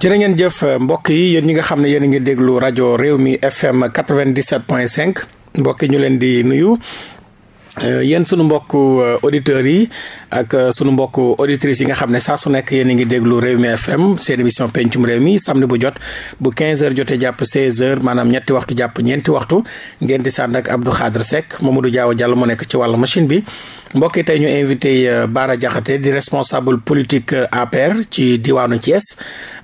jërë ngeen jëf mbokk yi yéen ñi nga xam ne yéen a ngi déglu rajo réew mi FM 97.5 mbokk yi ñu leen di nuyu. Euh, yéen sunu mbokk euh, auditeurs yi ak euh, sunu mbokk auditrices yi nga xam ne saa su nekk yéen a ngi déglu Rewmi FM seen émission pencum réew mi samedi bu jot bu 15h jotee jàpp 16h maanaam ñetti waxtu jàpp ñeenti waxtu ngeen di sànd ak Abdou Khadre Seck Mamadou jaawa Diallo mu nekk ci wàllu machine bi. mbokk yi tey ñu invité Bara Diakhaté di responsable politique APR ci diwaanu Thiès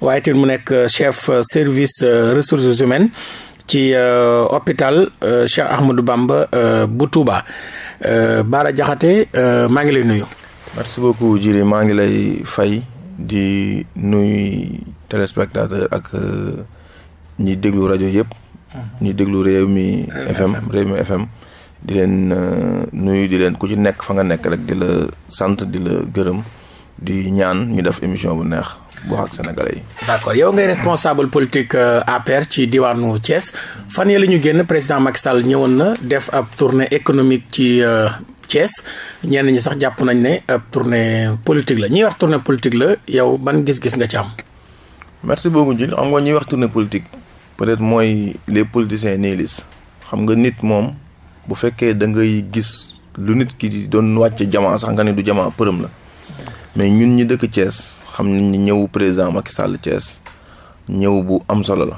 waaye tamit mu nekk chef service ressources humaines ci hôpital Cheikh Ahmadou Bamba bu tuuba Euh, Bara Diakhaté euh, maa ngi lay nuyu. merci beaucoup Djily maa ngi lay fay di nuyu téléspectateur ak euh, ñi déglu rajo yëpp. Mhm. ñi déglu réew mi FM réew di leen nuyu di leen ku ci nekk fa nga nekk rek di la sant di la gërëm di ñaan ñu def émission bu neex. wax ak sénégalais yi. accord yow ngay responsable politique euh, APR ci diwaanu Thiès fan yii la ñu génn président Macky Sall ñëwoon na def ab tournée économique ci euh, Thiès ñenn ñi sax jàpp nañ ne ab tournée politique la ñuy wax tournée politique la yow ban gis-gis nga ci am. merci beaucoup Jules xam nga ñuy wax tournée politique peut-être mooy les politiciens nihilistes xam nga nit moom bu fekkee da ngay gis lu nit ki doon wàcce jamaa sax nga ne du jamaa përëm la mais ñun ñi dëkk Thiès. xam nañ ni ñëw président Macky Sall Thiès ñëw bu am solo la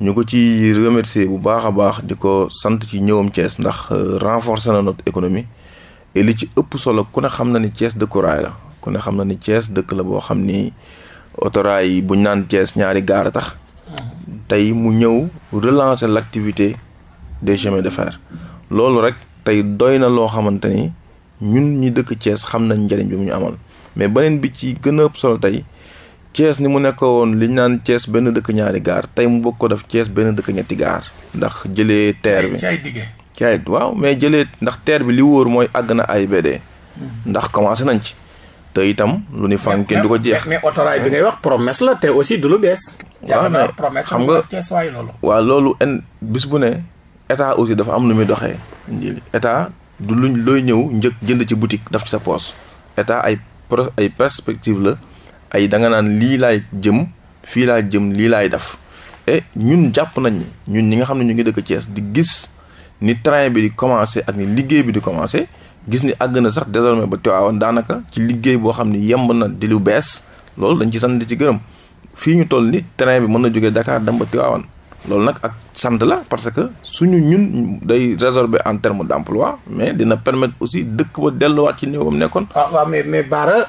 ñu ko ci remercier bu baax a baax di ko sant ci ñëwam cees ndax euh, renforcer na notre économie et li ci ëpp solo ku ne xam na ni cees dëkku raay la ku ne xam na ni Thiès dëkk la boo xam ni autoraay yi buñ naan Thiès ñaari gaar tax tey mu ñëw relancer l'activité des chemins de fer loolu rek tey doy na loo xamante ni ñun ñi dëkk cees xam nañ njëriñ bi mu ñu amal mais beneen bi ci gën a ëpp solo tey cees ni mu woon li ñu naan cees benn dëkk ñaari gaar tey mu bokk ko def Thiès benn dëkk ñetti gaar ndax jëlee teer bi ci ay waaw mais jëlee ndax teer bi li wóor mooy àgg na ay AIBD hmm. ndax commencé nañ ci te itam lu ni fànn kenn du ko jeex. mais autorail bi ngay wax promesse la te aussi du lu bees. waaw mais xam nga waa loolu en bis bu ne état aussi dafa am nu muy doxee. état du luñ looy ñëw njëkk jënd ci boutique daf ci sa poos état ay pro ay perspective la ay da nga naan lii laay jëm fii laa jëm lii laay def et ñun jàpp nañ ñun ñi nga xam ne ñu ngi dëkk Thiès di gis ni train bi di commencé ak ni liggéey bi di commencé gis ni àgg na sax désormais ba Tivaouane daanaka ci liggéey boo xam ni yemb na di lu bees loolu dañ ci sant di ci gërëm fii ñu toll ni train bi mën na jógee Dakar dem ba Tivaouane loolu nag ak sant la parce que suñu ñun day résorber en terme d' emploi mais dina permettre aussi dëkk ba delluwaat ci niveau am nekkoon. waaw ah, waaw mais mais Bara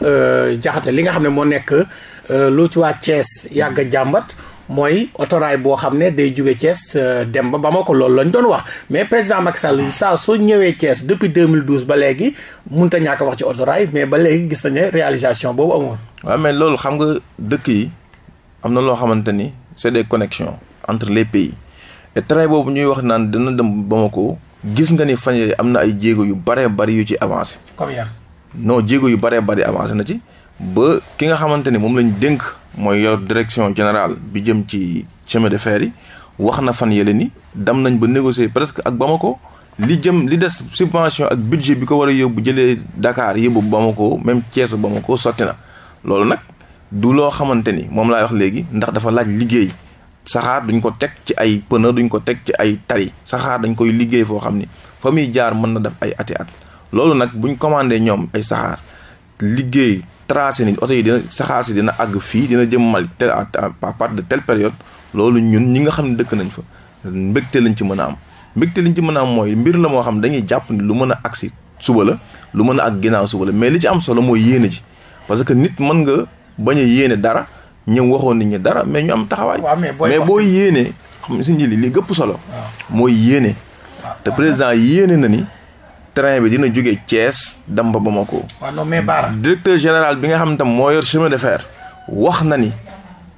Diakhaté euh, li nga xam ne moo nekk euh, lu ci waa cees yàgg jàmbat. mooy otoraay boo xam ne day jóge Thiès euh, dem ba ba ma ko loolu lañ doon wax mais président Macky Sall saa soo ñëwee Thiès depuis 2012 ba léegi mënut a ñàkk wax ci otoraay mais ba léegi gis nañu réalisation boobu amoon. waaw mais loolu xam nga dëkk yi am na loo xamante ni c'est des connexions. entre les pays et boobu ñuy wax naan dina dem Bamako gis nga ni fan yii am na ay jéego yu baree bari yu ci avancé. comme yan. jéego yu baree bari avancé na ci ba ki nga xamante ni moom lañ dénk mooy yor direction général bi jëm ci chemin de fer yi wax na fan yële ni dem nañ ba négocier presque ak Bamako. li jëm li des subvention ak budget bi ko war a yóbbu jëlee dakaar yóbbu Bamako même Thiès Bamako sotti na loolu nag du loo xamante ni moom laay wax léegi ndax dafa laaj liggéey saxaar duñ ko teg ci ay pneu duñ ko teg ci ay tali saxaar dañ koy liggéey foo xam ni fa muy jaar mën na def ay ati at loolu nag buñ commandé ñoom ay saxaar liggéey tracé ni oto yi dina saxaar si dina àgg fii dina jëm Mali tel à part de tel période loolu ñun ñi nga xam ne dëkk nañ fa mbégte lañ ci mën a am mbégte lañ ci mën a am mooy mbir la moo xam dañuy jàpp ni lu mën a agsi suba la lu mën a ak ginnaaw suba la mais li ci am solo mooy yéene ji parce que nit mën nga bañ a dara ñoom waxoon nañu dara mais ñu am taxawaay. mais booy yéene xam nga suñu njëli li gëpp solo. mooy yéene. te président yéene na ni. train bi dina jóge cees dem ba Bamako. waaw non mais Baara. directeur général bi nga xam tam moo yor chemin de fer. wax na ni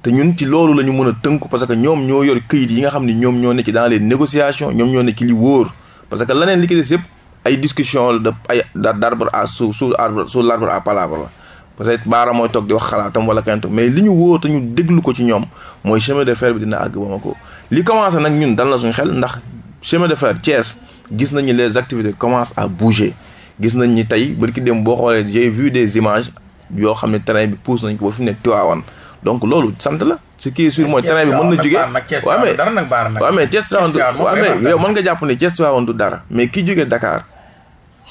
te ñun ci loolu la ñu mën a tënk parce que ñoom ñoo yor këyit yi nga xam ni ñoom ñoo ne ci dans les négociations ñoom ñoo ne ci li wóor parce que leneen li ki des yëpp ay discussion de ay d'arbre à sous su arbre sous l'arbre à palabre la. peut-être baara mooy toog di wax xalaatam wala kenn toog mais li ñu wóor te ñu déglu ko ci ñoom mooy chemin de fer bi dina àgg ko li commencé nag ñun dal na suñu xel ndax chemin de fer Thiès gis nañu les activités commence à bouger gis nañ ni tey bërki dem boo xoolee j'ai des images yoo xam ne terrain bi pouse nañ ko ba fi mu ne Tivaouane donc loolu sant la ce qui est sûr mooy terrain bi mën na jógee waaw mais waaw mais Thiès Tivaouane waaw mais yow mën nga jàpp ne Thiès Tivaouane du dara mais ki jógee Dakar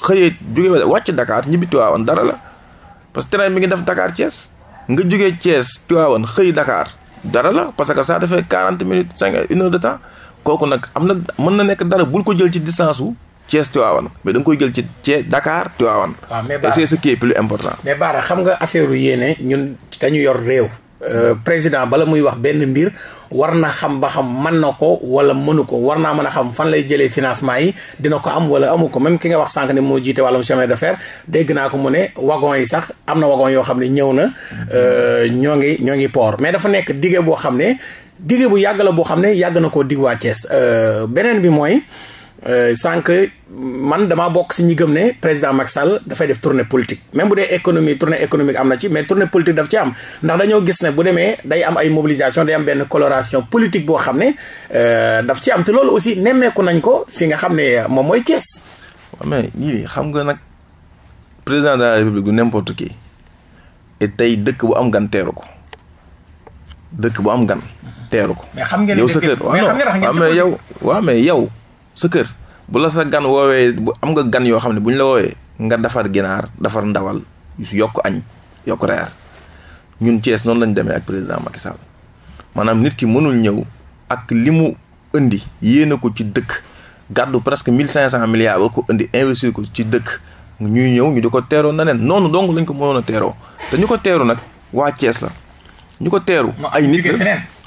xëyee jógee wàcc Dakar ñibbi Tivaouane dara la parce que train mi ngi def Dakar Thiès nga jógee Thiès Tivaouane xëy dakaar dara la parce que saa dafay quarante minutes cinq une heure de temps kooku nag am na mën na nekk dara bul ko jël ci distance wu Thiès Tivaouane mais da nga koy jël ci Thiès Dakar Tivaouane. waaw ah, mais Baara plus important. mais Baara xam nga affaire yéene ñun dañu yor réew. Euh, président bala muy wax benn mbir war na xam ba xam man na ko wala mënu ko war naa mën a xam fan lay jëlee financement yi dina ko am wala amu ko même ki nga wax sànq ne moo jiite wàllum chemin de fer dégg naa ko mu ne wagon yi sax am na wagon yoo xam ne ñëw na euh, ñoo ngi ñoo ngi port mais dafa nekk dige boo xam ne dige bu yàgg la boo xam ne yàgg na koo digg waa euh, beneen bi mooy Euh, sànq man damaa bokk si ñi gëm ne président Macky Sall dafay def tournée politique même bu dee économie tournée économique am na ci mais tournée politique daf ci am ndax dañoo gis ne bu demee day am ay mobilisation day am benn coloration politique boo xam ne euh, daf ci am te loolu aussi nemmeeku nañ ko fi nga xam ne moom mooy Thiès. waaw mais xam nga nag président de la république du n'importe qui et tey dëkk bu am gan teeru ko dëkk bu am gan. teeru ko. yow sa kër mais xam ngeen ne ah ah, yow waaw mais yow. sa kër bu la sa gan woowee bu am nga gan yoo xam ne bu ñu la woowee nga defar ginaar defar ndawal yokk añ yokk reer ñun Thiès noonu lañ demee ak président Macky Sall maanaam nit ki mënul ñëw ak li mu indi yéene ko ci dëkk gàddu presque mille cinq cent milliards ba ko indi investir ko ci dëkk ñuy ñëw ñu di ko teeroo na neen noonu donc lañ ko mënoon a teeroo te ñu ko teeru nag waa Thiès la ñu ko teeru ay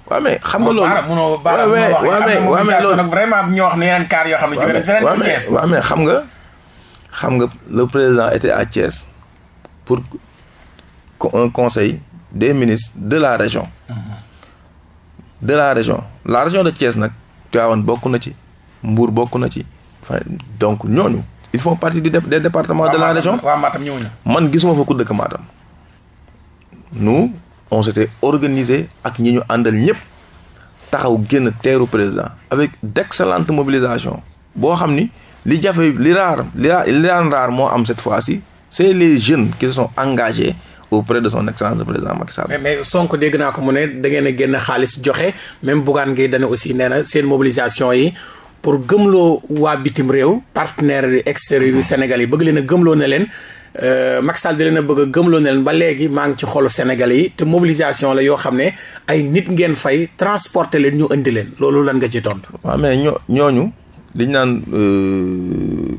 waaw mais xam nga loolu waaw mais waaw mais waaw mais loolu wax ne yeneen kaar yoo xam ne jóge nañ xam nga xam nga le président était à Thiès pour un conseil des ministres de la région de la région la région de Thiès nag Tivaouane bokk na ci Mbour bokk na ci donc ñooñu ils font partie du des départements de la région waaw Matam ñëw man gisuma fa ku dëkk Matam nous on s'était organisé ak ñi ñu àndal ñëpp taxaw génn teeru président avec d'excellente mobilisation boo xam ni li jafe li raar li daan raar moo am cette fois-ci c'est les jeunes qui se sont engagés auprès de son excellence président Macky Sall. mais mais Sonko dégg naa ko mu ne da ngeen a génn xaalis joxe même Bougane Gueye Dany aussi nee na seen mobilisation yi pour gëmloo waa bitim réew partenaires extérieurs yu mm-hmm. Sénégal yi bëgg leen a gëmloo na leen Euh, Macky Sall di leen a bëgg a gëmloo leen ba léegi maa ngi ci xolu Sénégalais yi te mobilisation la yoo xam ne ay nit ngeen fay transporter leen ñu indi leen loolu lan nga ci tontu. waaw mais ñoo ñooñu liñ naan euh,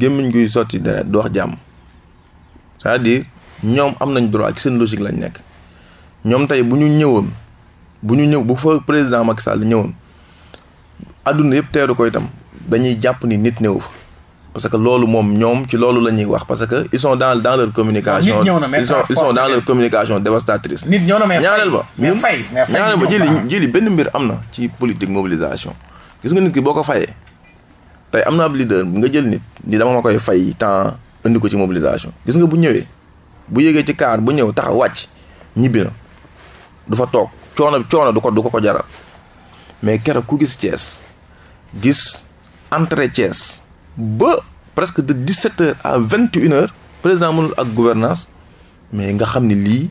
gémmiñ guy sotti dara du jàmm cest à ñoom am nañ droit ak seen logique lañ nekk ñoom tey bu ñu ñëwoon bu ñu ñëw bu fa président Macky ñëwoon adduna yëpp teeru ko itam dañuy jàpp ni nit néew fa. parce que loolu moom ñoom ci loolu la ñuy wax parce que ils sont dans dans leur communication. ils sont ils sont dans leur communication dévastatrice. nit ñoo na mais ñaareel ba. mais fay mais fay ñaareel ba jëli jëli benn mbir am na ci politique mobilisation. gis nga nit ki boo ko fayee tey am na ab leader nga jël nit di dama ma koy fay temps indi ko ci mobilisation gis nga bu ñëwee bu yéegee ci kaar bu ñëw taxaw wàcc ñibbi na du fa toog coono coono du ko du ko ko jaral mais keroog ku gis Thiès gis entrée Thiès ba presque de dix heures à 21 heures président mënul ak gouvernance mais nga xam ne lii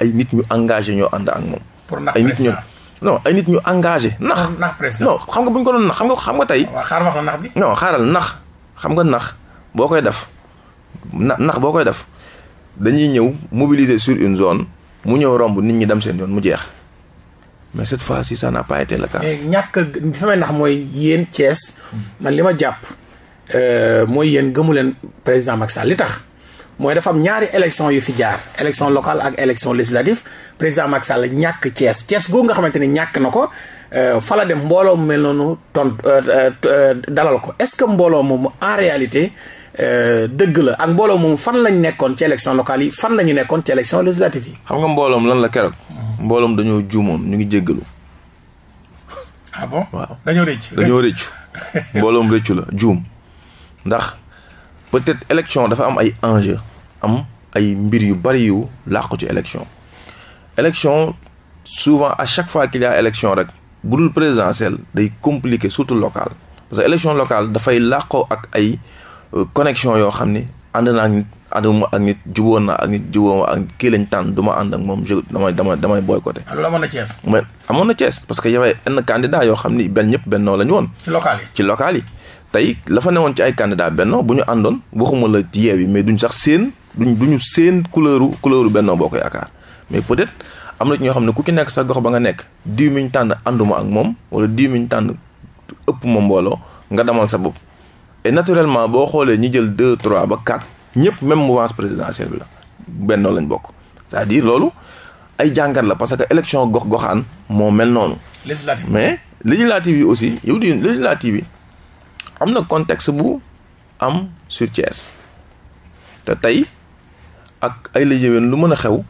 ay nit ñu engagé ñoo ànd ak moom. pour ay nit ñu no ay nit ñu engagé. nax non xam nga bu ñu ko doon nax xam nga xam nga tey. xaaral nax bi. non xaaral nax xam nga nax boo koy def na nax boo koy def dañuy ñëw mobiliser sur une zone mu ñëw romb nit ñi dem seen yoon mu jeex. mais cette fois-ci ça n'a pas été le cas. ñàkk a fi nax mooy yéen cees man li ma jàpp. Euh, mooy yéen gëmu leen président Macky Sall li tax mooy dafa am ñaari élection yu fi jaar élection locale ak élection législative président Macky Sall ñàkk Thiès Thiès googu nga xamante ni ñàkk na ko euh, fa la dem mbooloo mu mel noonu ton euh, dalal ko est-ce que mbooloo moomu en réalité dëgg la ak mbooloo moomu fan lañ nekkoon ci élection locale yi fan la ñu nekkoon ci élection législative yi. xam nga mbooloom lan la keroog. mbooloom dañoo juumoon ñu ngi jéggalu. ah bon waaw dañoo rëcc rëccu mbooloom rëccu la juum. ndax peut-être élection dafa am ay enjeu am ay mbir yu bari yu làqu ci élection élection souvent à chaque fois qu'il y a élection rek bu dul présidentielle day compliqué surtout local parce que élection local dafay làqoo ak ay euh, connexion yoo xam ni ànd naa ak nit ànduma ak nit juboon naa ak nit juboon ak nit kii lañ tànn du ma ànd ak moom je damay damay damay boycotté. mais amoon na Thiès parce que yow ay yenn yoo xam ni benn ñëpp bennoo la ñu woon. ci local yi. tey la fa newoon ci ay candidat Benno bu ñu àndoon waxuma la yeew yi mais duñ sax seen duñ duñu seen couleur couleuru Benno Bokk Yaakaar mais peut-être am na ci ñoo xam ne ku ci nekk sa gox ba nga nekk diw mi ñu tànn ànduma ak moom wala diw mi ñu tànn ëpp ma mbooloo nga demal sa bopp naturellement boo xoolee ñi jël deux trois ba quatre ñëpp même mouvance présidentielle bi la Benno lañ bokk cest à loolu ay jàngat la parce que élection gox goxaan moo mel noonu mais législative yi aussi yow di législative yi am na contexte bu am sur Thiès te tey ak ay la yéwén lu mën a xew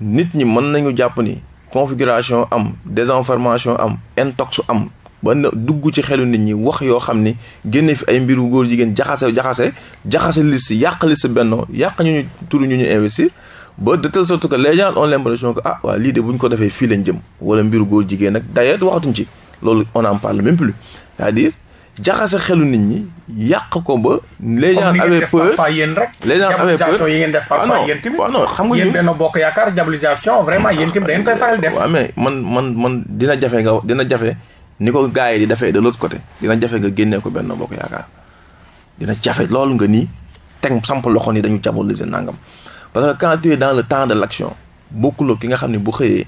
nit ñi mën nañu jàpp ni configuration am désinformation am intox am ba na dugg ci xelu nit ñi wax yoo xam ni génne fi ay mbiru góor jigéen jaxase jaxase jaxase liste yàq liste bennoo yàq ñu ñu turu ñu ñu investir ba de telle sorte que les gens ont l'impression que ah waa lii bu ñu ko defee fii lañ jëm wala mbiru góor jigéen nag d'ailleurs waxatuñ ci loolu on en parle plus cest à jaxase xelu nit ñi yàq ko ba. les gens avaient peur comme yéen rek. les gens avaient peur yi ngeen def parfois ah yéen tamit. Ah non xam nga yéen benn bokk yaakaar diabolisation vraiment yéen tamit da ngeen koy faral man man man dina jafe nga dina jafe ni ko gars yi di defee de l'autre côté dina jafe nga génnee ko benn bokk yaakaar dina jafe loolu nga nii teg samp loxo ni dañu diaboliser nangam parce que quand tu es dans le temps de l'action bokkul ki nga xam ne bu xëyee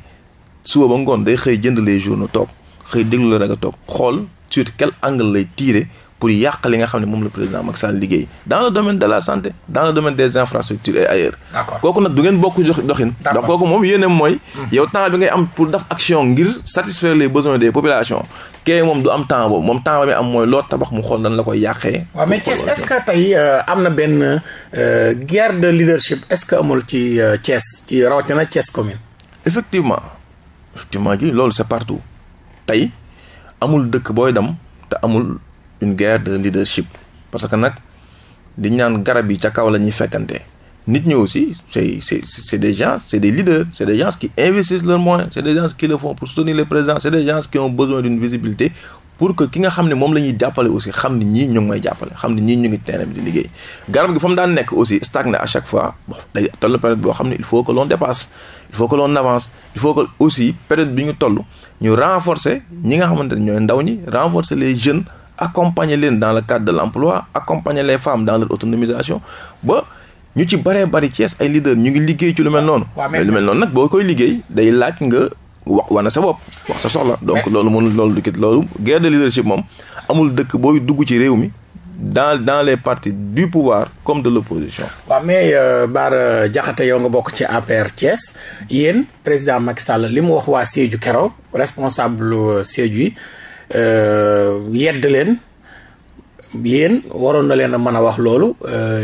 suba ba ngoon day xëy jënd les journaux toog xëy déglu la rek toog xool. sur quel angle lay tirer pour yàq li nga xam ne moom la président Macky Sall liggéey dans le domaine de la santé dans le domaine des infrastructures et ailleurs kooku nag du ngeen bokk doxin ndax kooku moom yéene mooy hmm. yow temps bi ngay am pour def action ngir satisfaire les besoins des populations kee moom du am temps boobu moom temps ba muy am mooy loo tabax mu xool nan la koy yàqee waaw mais Thiès est-ce que tey euh, am na benn euh, guerre de leadership est-ce que amul ci euh, Thiès ci rawatina Thiès commune effectivement effectivement ji loolu c'est partout tey amul dëkk booy dem te amul une guerre de leadership parce que nag li ñu naan garab yi ca kaw la ñuy fekkante nit ñi aussi c'est c'est c'est des gens c'est des leaders c'est des gens qui investissent leurs moyens c'est des gens qui le font pour soutenir les présidents c'est des gens qui ont besoin d'une visibilité pour que ki nga xam ne moom la ñuy jàppale aussi xam ne ñii ñu ngi may jàppale xam ni ñii ñu ngi terrain bi di liggéey garab gi fa mu daan nekk aussi stagné à chaque fois bon day toll période boo xam ne il faut que l'on dépasse il faut que l'on avance il faut que aussi période bi ñu toll ñu renforcer ñi nga xamante ne ñooy ndaw ñi renforcer les jeunes accompagner leen dans le cadre de l'emploi accompagner les femmes dans leur autonomisation ba ñu ci bëree bari Thiès ay leaders ñu ngi liggéey ci lu mel noonu mais lu mel noonu nag boo koy liggéey day laaj nga wax wane sa bopp wax sa soxla donc loolu mënul loolu dikit loolu guerre de moom amul dëkk booy dugg ci réew mi dans dans les parties du pouvoir comme de l'opposition waa mais euh, Bara Diakhaté yoo nga bokk ci APR Thiès yéen président mac Sall li mu wax waa Sédhiou keroog responsable euh, Sédhiou yi euh, yedd leen yéen waroon na leen a mën a wax loolu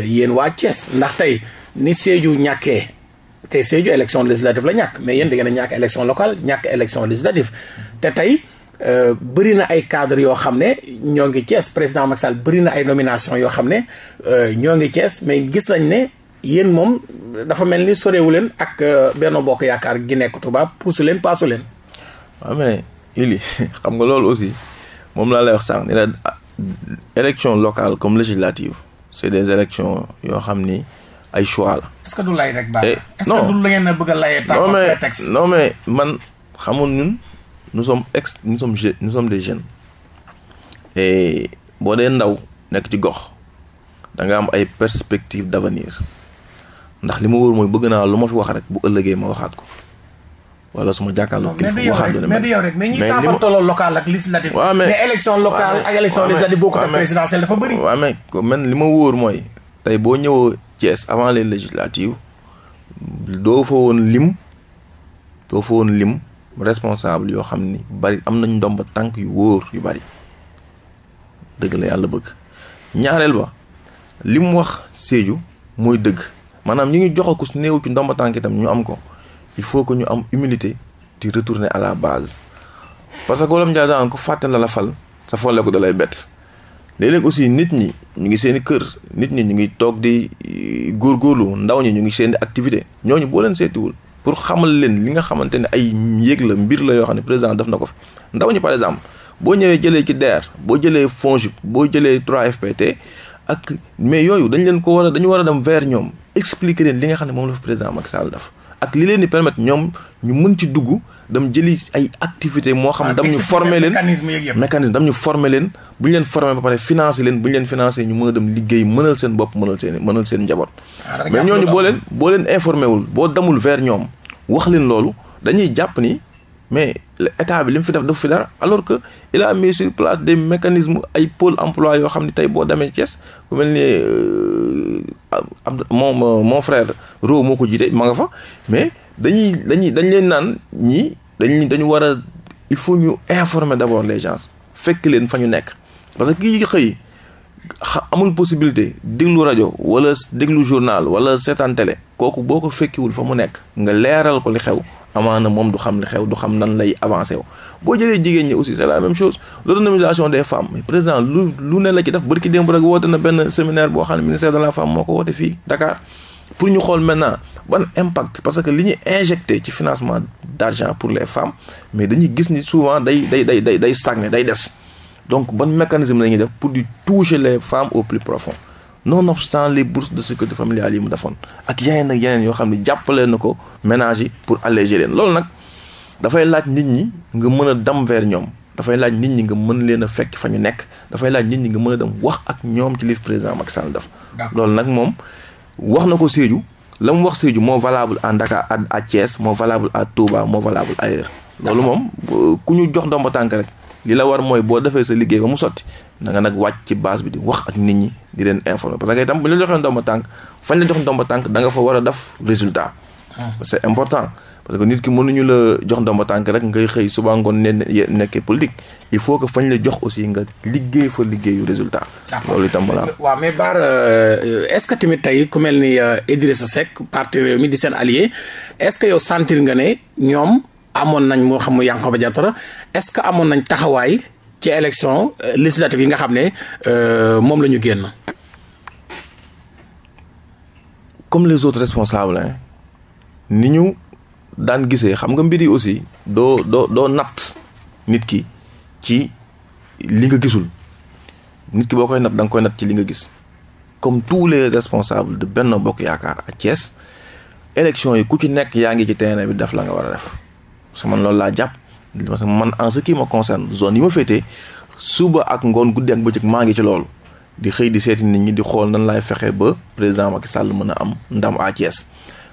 yéen waa Thiès ndax tey ni Sédhiou ñàkkee te Sédhiou élection législative la ñàkk mais yéen da ngeen a ñàkk élection locale ñàkk élection législative te tey euh, bëri na ay cadre yoo xam ne ñoo ngi Thiès président Macky Sall bëri na ay nomination yoo xam ne euh, ñoo ngi Thiès mais gis nañ ne yéen moom dafa mel ni sorewu leen ak euh, benn Bokk Yaakaar gi nekk tubaab puusu leen paasu leen waaw mais Ili xam nga loolu aussi moom laa lay wax sànq ni la ah, élection locale comme législative c'est des élections yoo xam ni ay choix la. est-ce que du lay rek baax eh, est-ce que la ngeen bëgg a layee non mais non mais man xamoon ñun nous sommes ex nous sommes je nous sommes des jeunes. boo dee ndaw nekk ci gox da am ay perspectives d'avenir ndax li ma wóor mooy bëgg naa lu ma fi wax rek bu ëllëgee ma waxaat ko. wala su ma jàkkaarloo kii waxaat mais du yow rek mais ñi taafantaloo local ak législatif mais élection locale ak présidentielle dafa bëri waaw mais man li ma wóor mooy tey boo ñëwoo Thiès avant les législatives doo fa woon lim doo fa woon lim responsable yoo xam ni bari am nañ ndomba tànk yu wóor yu bari dëgg la yàlla bëgg ñaareel ba li wax Sédhiou mooy dëgg maanaam ñu ngi jox ko su néew ci ndomba tànk itam ñu am ko il faut que ñu am humilité di retourner à la base parce que wolof Ndiaye daan ko fàtte la la fal sa folle ko dalay bett. léeg aussi nit ñi ñu ngi seen i kër nit ñi ñu ngi toog di eh, góor góorlu ndaw ñi ñu ngi seen i activité ñooñu boo leen seetiwul pour xamal leen li nga xamante ne ay yéeg la mbir la yoo xam ne président def na ko fi ndaw ñi par exemple boo ñëwee jëlee ci DER boo jëlee FONGIP boo jëlee trois fpt ak mais yooyu dañ leen ko war a dañu war a dem vers ñoom expliquer leen li nga xam ne moom la fi président Macky Sall def ak li leen di permettre ñoom ñu mën ci dugg dam jëli ay activité moo xam ah, dam ñu former leen mécanisme dam ñu former leen bu ñu leen former ba pare financer leen bu ñu leen financer ñu mën a dem liggéey mënal seen bopp mënal seen mënal seen njaboot ah, mais ñooñu boo leen boo leen informé wul boo damul vers ñoom wax leen loolu dañuy jàpp ni mais état bi li mu fi def daf fi dara alors que il a mis sur place de mécanisme ay pole emploi yoo xam ne tey boo demee Thiès ku mel ni euh, ab moom mon frère Ro moo ko jiite ma nga fa mais dañuy dañuy dañ leen naan ñii dañ dañu war a il faut ñu informer d'abord les gens fekk leen fa ñu nekk parce que kii xëy amul possibilité déglu rajo wala déglu journal wala seetaan kooku boo ko fekkiwul fa mu nekk nga leeral ko li xew amaana moom du xam li xew du xam nan lay avancé wu boo jëlee jigéen ñi aussi c' la même chose l' autonomisation des femmes président lu lu ne la ci def bërki démb rek woote na benn séminaire boo xam ne ministère de la femme moo ko woote fii Dakar pour ñu xool maintenant ban impact parce que li ñu injecté ci financement d' pour les femmes mais dañuy gis ni souvent day day day day day stagné day des donc ban mécanisme la ñuy def pour di toucher les femmes au plus non nonobstant les bourses de sécurité familiale yi mu defoon ak yeneen ak yeneen yoo xam ne jàppale na ko ménage pour alléger leen loolu nag dafay laaj nit ñi nga mën a dem vers ñoom dafay laaj nit ñi nga mën leen a fekk fa ñu nekk dafay laaj nit ñi nga mën a dem wax ak ñoom ci li président Macky Sall def loolu nag moom wax na ko Sédhiou la mu wax Sédhiou moo valable à Dakar à Thiès moo valable à Touba moo valable ailleurs loolu moom euh, ku ñu jox ndomba tànk rek li la war mooy boo defee sa liggéey ba mu sotti na nag wàcc ci base bi di wax ak nit ñi di leen informer parce que itam bu ñu la joxee ndomba tànk fañ la jox ndomba tànk danga nga fa war a def résultat. Ah. c'est important parce que nit ki mënuñu la jox ndomba tànk rek ngay xëy suba ngoon ne nekkee politique il faut que fañ la jox aussi nga liggéey fa liggéeyu résultat. loolu itam balaa. waaw mais Bara euh, est-ce que tamit tey ku mel ni euh, Idrissa Seck parti Rewmi di seen allié est-ce que yow sentir nga ne ñoom. amoon nañ moo xam mu Yankhoba Diattara est-ce que amoon nañ taxawaay ci élection euh, législative yi nga xam ne euh, moom la ñu génn. comme les autres responsables ni ñu daan gisee xam nga mbir yi aussi doo doo doo natt nit ki ci li nga gisul nit ki boo koy natt da nga koy natt ci li nga gis comme tous les responsables de benn Bokk Yaakaar ak Thiès élection yi ku ci nekk yaa ngi ci terrain bi def la nga war a def parce man loolu laa jàpp parce man en ce qui me concerne zone yi ma féetee suba ak ngoon guddi ak bëccëg maa ngi ci loolu di xëy di seeti nit ñi di xool nan laay fexe ba président Macky Sall mën a am ndam à Thiès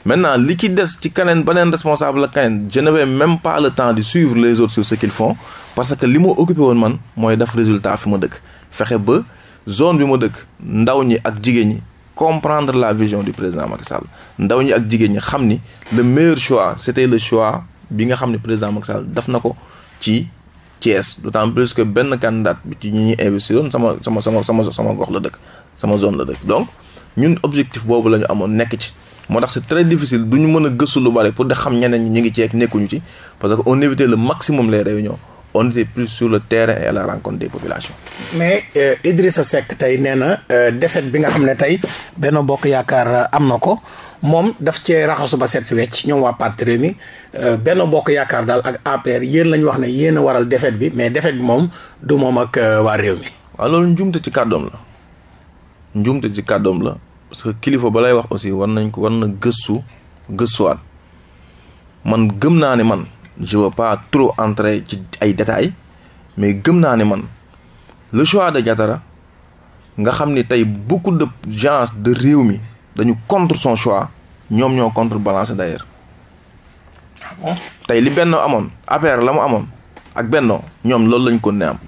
maintenant li ci des ci keneen beneen responsable la keneen je n'avais même pas le temps de suivre les autres sur ce qu'ils font parce que li ma occupé woon man mooy def résultat fi ma dëkk fexe ba zone bi ma dëkk ndaw ñi ak jigéen ñi comprendre la vision du président Macky Sall ndaw ñi ak jigéen ñi xam ni le meilleur choix c'était le choix bi nga xam ne président Macky Sall daf na ko ci Thiès d'autant plus que benn candidat bi ñu ñi ñuy investiroon sama sama sama sama sama gox la dëkk sama zone la dëkk donc ñun objectif boobu la ñu amoon nekk ci moo tax c'est très difficile du ñu mën a gëstu lu bari pour de xam ñeneen ñi ñu ngi ceeg nekkuñu ci parce que on évitait le maximum les réunions on était plus sur le terrain et à la rencontre des populations. mais euh, Idrissa Seck tey nee na euh, défaite bi nga xam ne tey benn Bokk Yaakaar euh, am na ko. moom daf cee raxasu ba set si wecc ñoom waa parti Rewmi euh, benn Bokk Yaakaar daal ak APR yéen la wax ne yéen a waral défaite bi mais défaite bi moom du moom ak euh, waa Rewmi. waaw loolu njuumte ci kàddoom la njuumte ci kàddoom la parce que kilifa ba lay wax aussi war nañ ko war na gëstu gëstuwaat man gëm naa ne man je veux pas trop entrer ci ay détails mais gëm naa ne man le choix de Diatara nga xam ni tey beaucoup de gens de Rewmi dañu contre son choix ñoom ñoo contre contrebalancé d'ailleurs ah tey li Benno amoon APR la mu amoon ak Benno ñoom loolu lañ ko ne am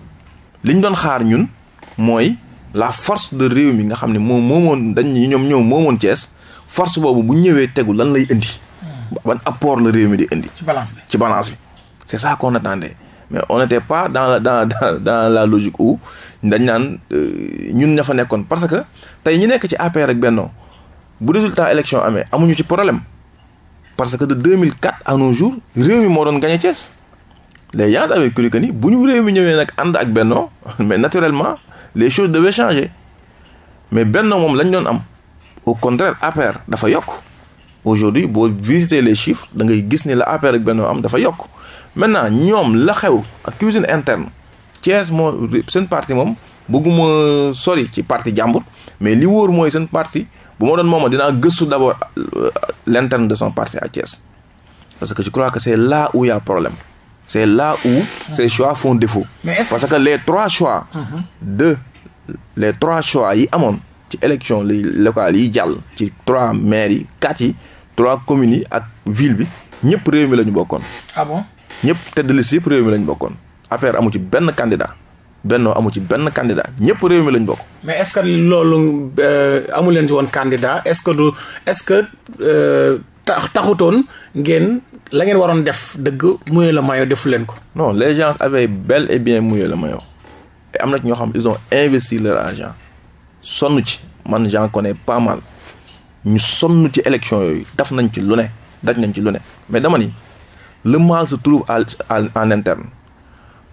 li ñu doon xaar ñun mooy la force de réew mi nga xam ne moom moomoon dañ ñoom ñëw moomoon Thiès force boobu bu ñëwee tegu lan lay indi. Hmm. ban apport la réew mi di indi. ci balance bi ci balance bi. c'est ça qu'on attendait mais on n'était pas dans la dans dans dans la logique où dañ naan euh, ñun ña fa nekkoon parce que tey ñu nekk ci APR ak bennoo bu résultat élection amee amuñu ci problème parce que de 2004 à nos jours réew mi moo doon gagné Thiès les gens avaient cru que ni bu ñu réew mi ñëwee nag ànd ak Benno mais naturellement les choses devaient changer mais Benno moom lañ doon am au contraire APR dafa yokk aujourd'hui boo visiter les chiffres da ngay gis ni la APR ak bennoo am dafa yokk maintenant ñoom la xew ak cuisine interne Thiès moo seen parti moom bëgguma sori ci parti jàmbur mais li wóor mooy seen parti bu ma doon mooma dinaa gëstu d' abord euh, l'interne de son parti à Thiès parce que je crois que c' est là où y a problème c' est là où ces choix font défaut parce que les trois choix uh-huh. de les trois choix yi amoon ci élection locale yi jàll ci trois maires yi quatre yi trois communes yi ak ville bi ñëpp réew mi la ñu bokkoon ah bon ñëpp tête de yëpp réew mi la ñu bokkoon affaire amu ci benn candidat bennoo amu ci benn candidat ñëpp réew mi lañ bokk. mais est-ce que loolu euh, amu leen ci woon candidat est-ce que du est-ce que euh, tax taxutoon ngeen la ngeen waroon def dëgg mouiller la maillot defu leen ko. non les gens avaient bel et bien mouillé le maillot et am na ñoo xam ils ont investi leur argent sonn ci man j'en connais pas mal ñu sonn ci élection yooyu daf nañ ci lu ne daj nañ ci lu ne mais dama ni le mal se trouve à en interne.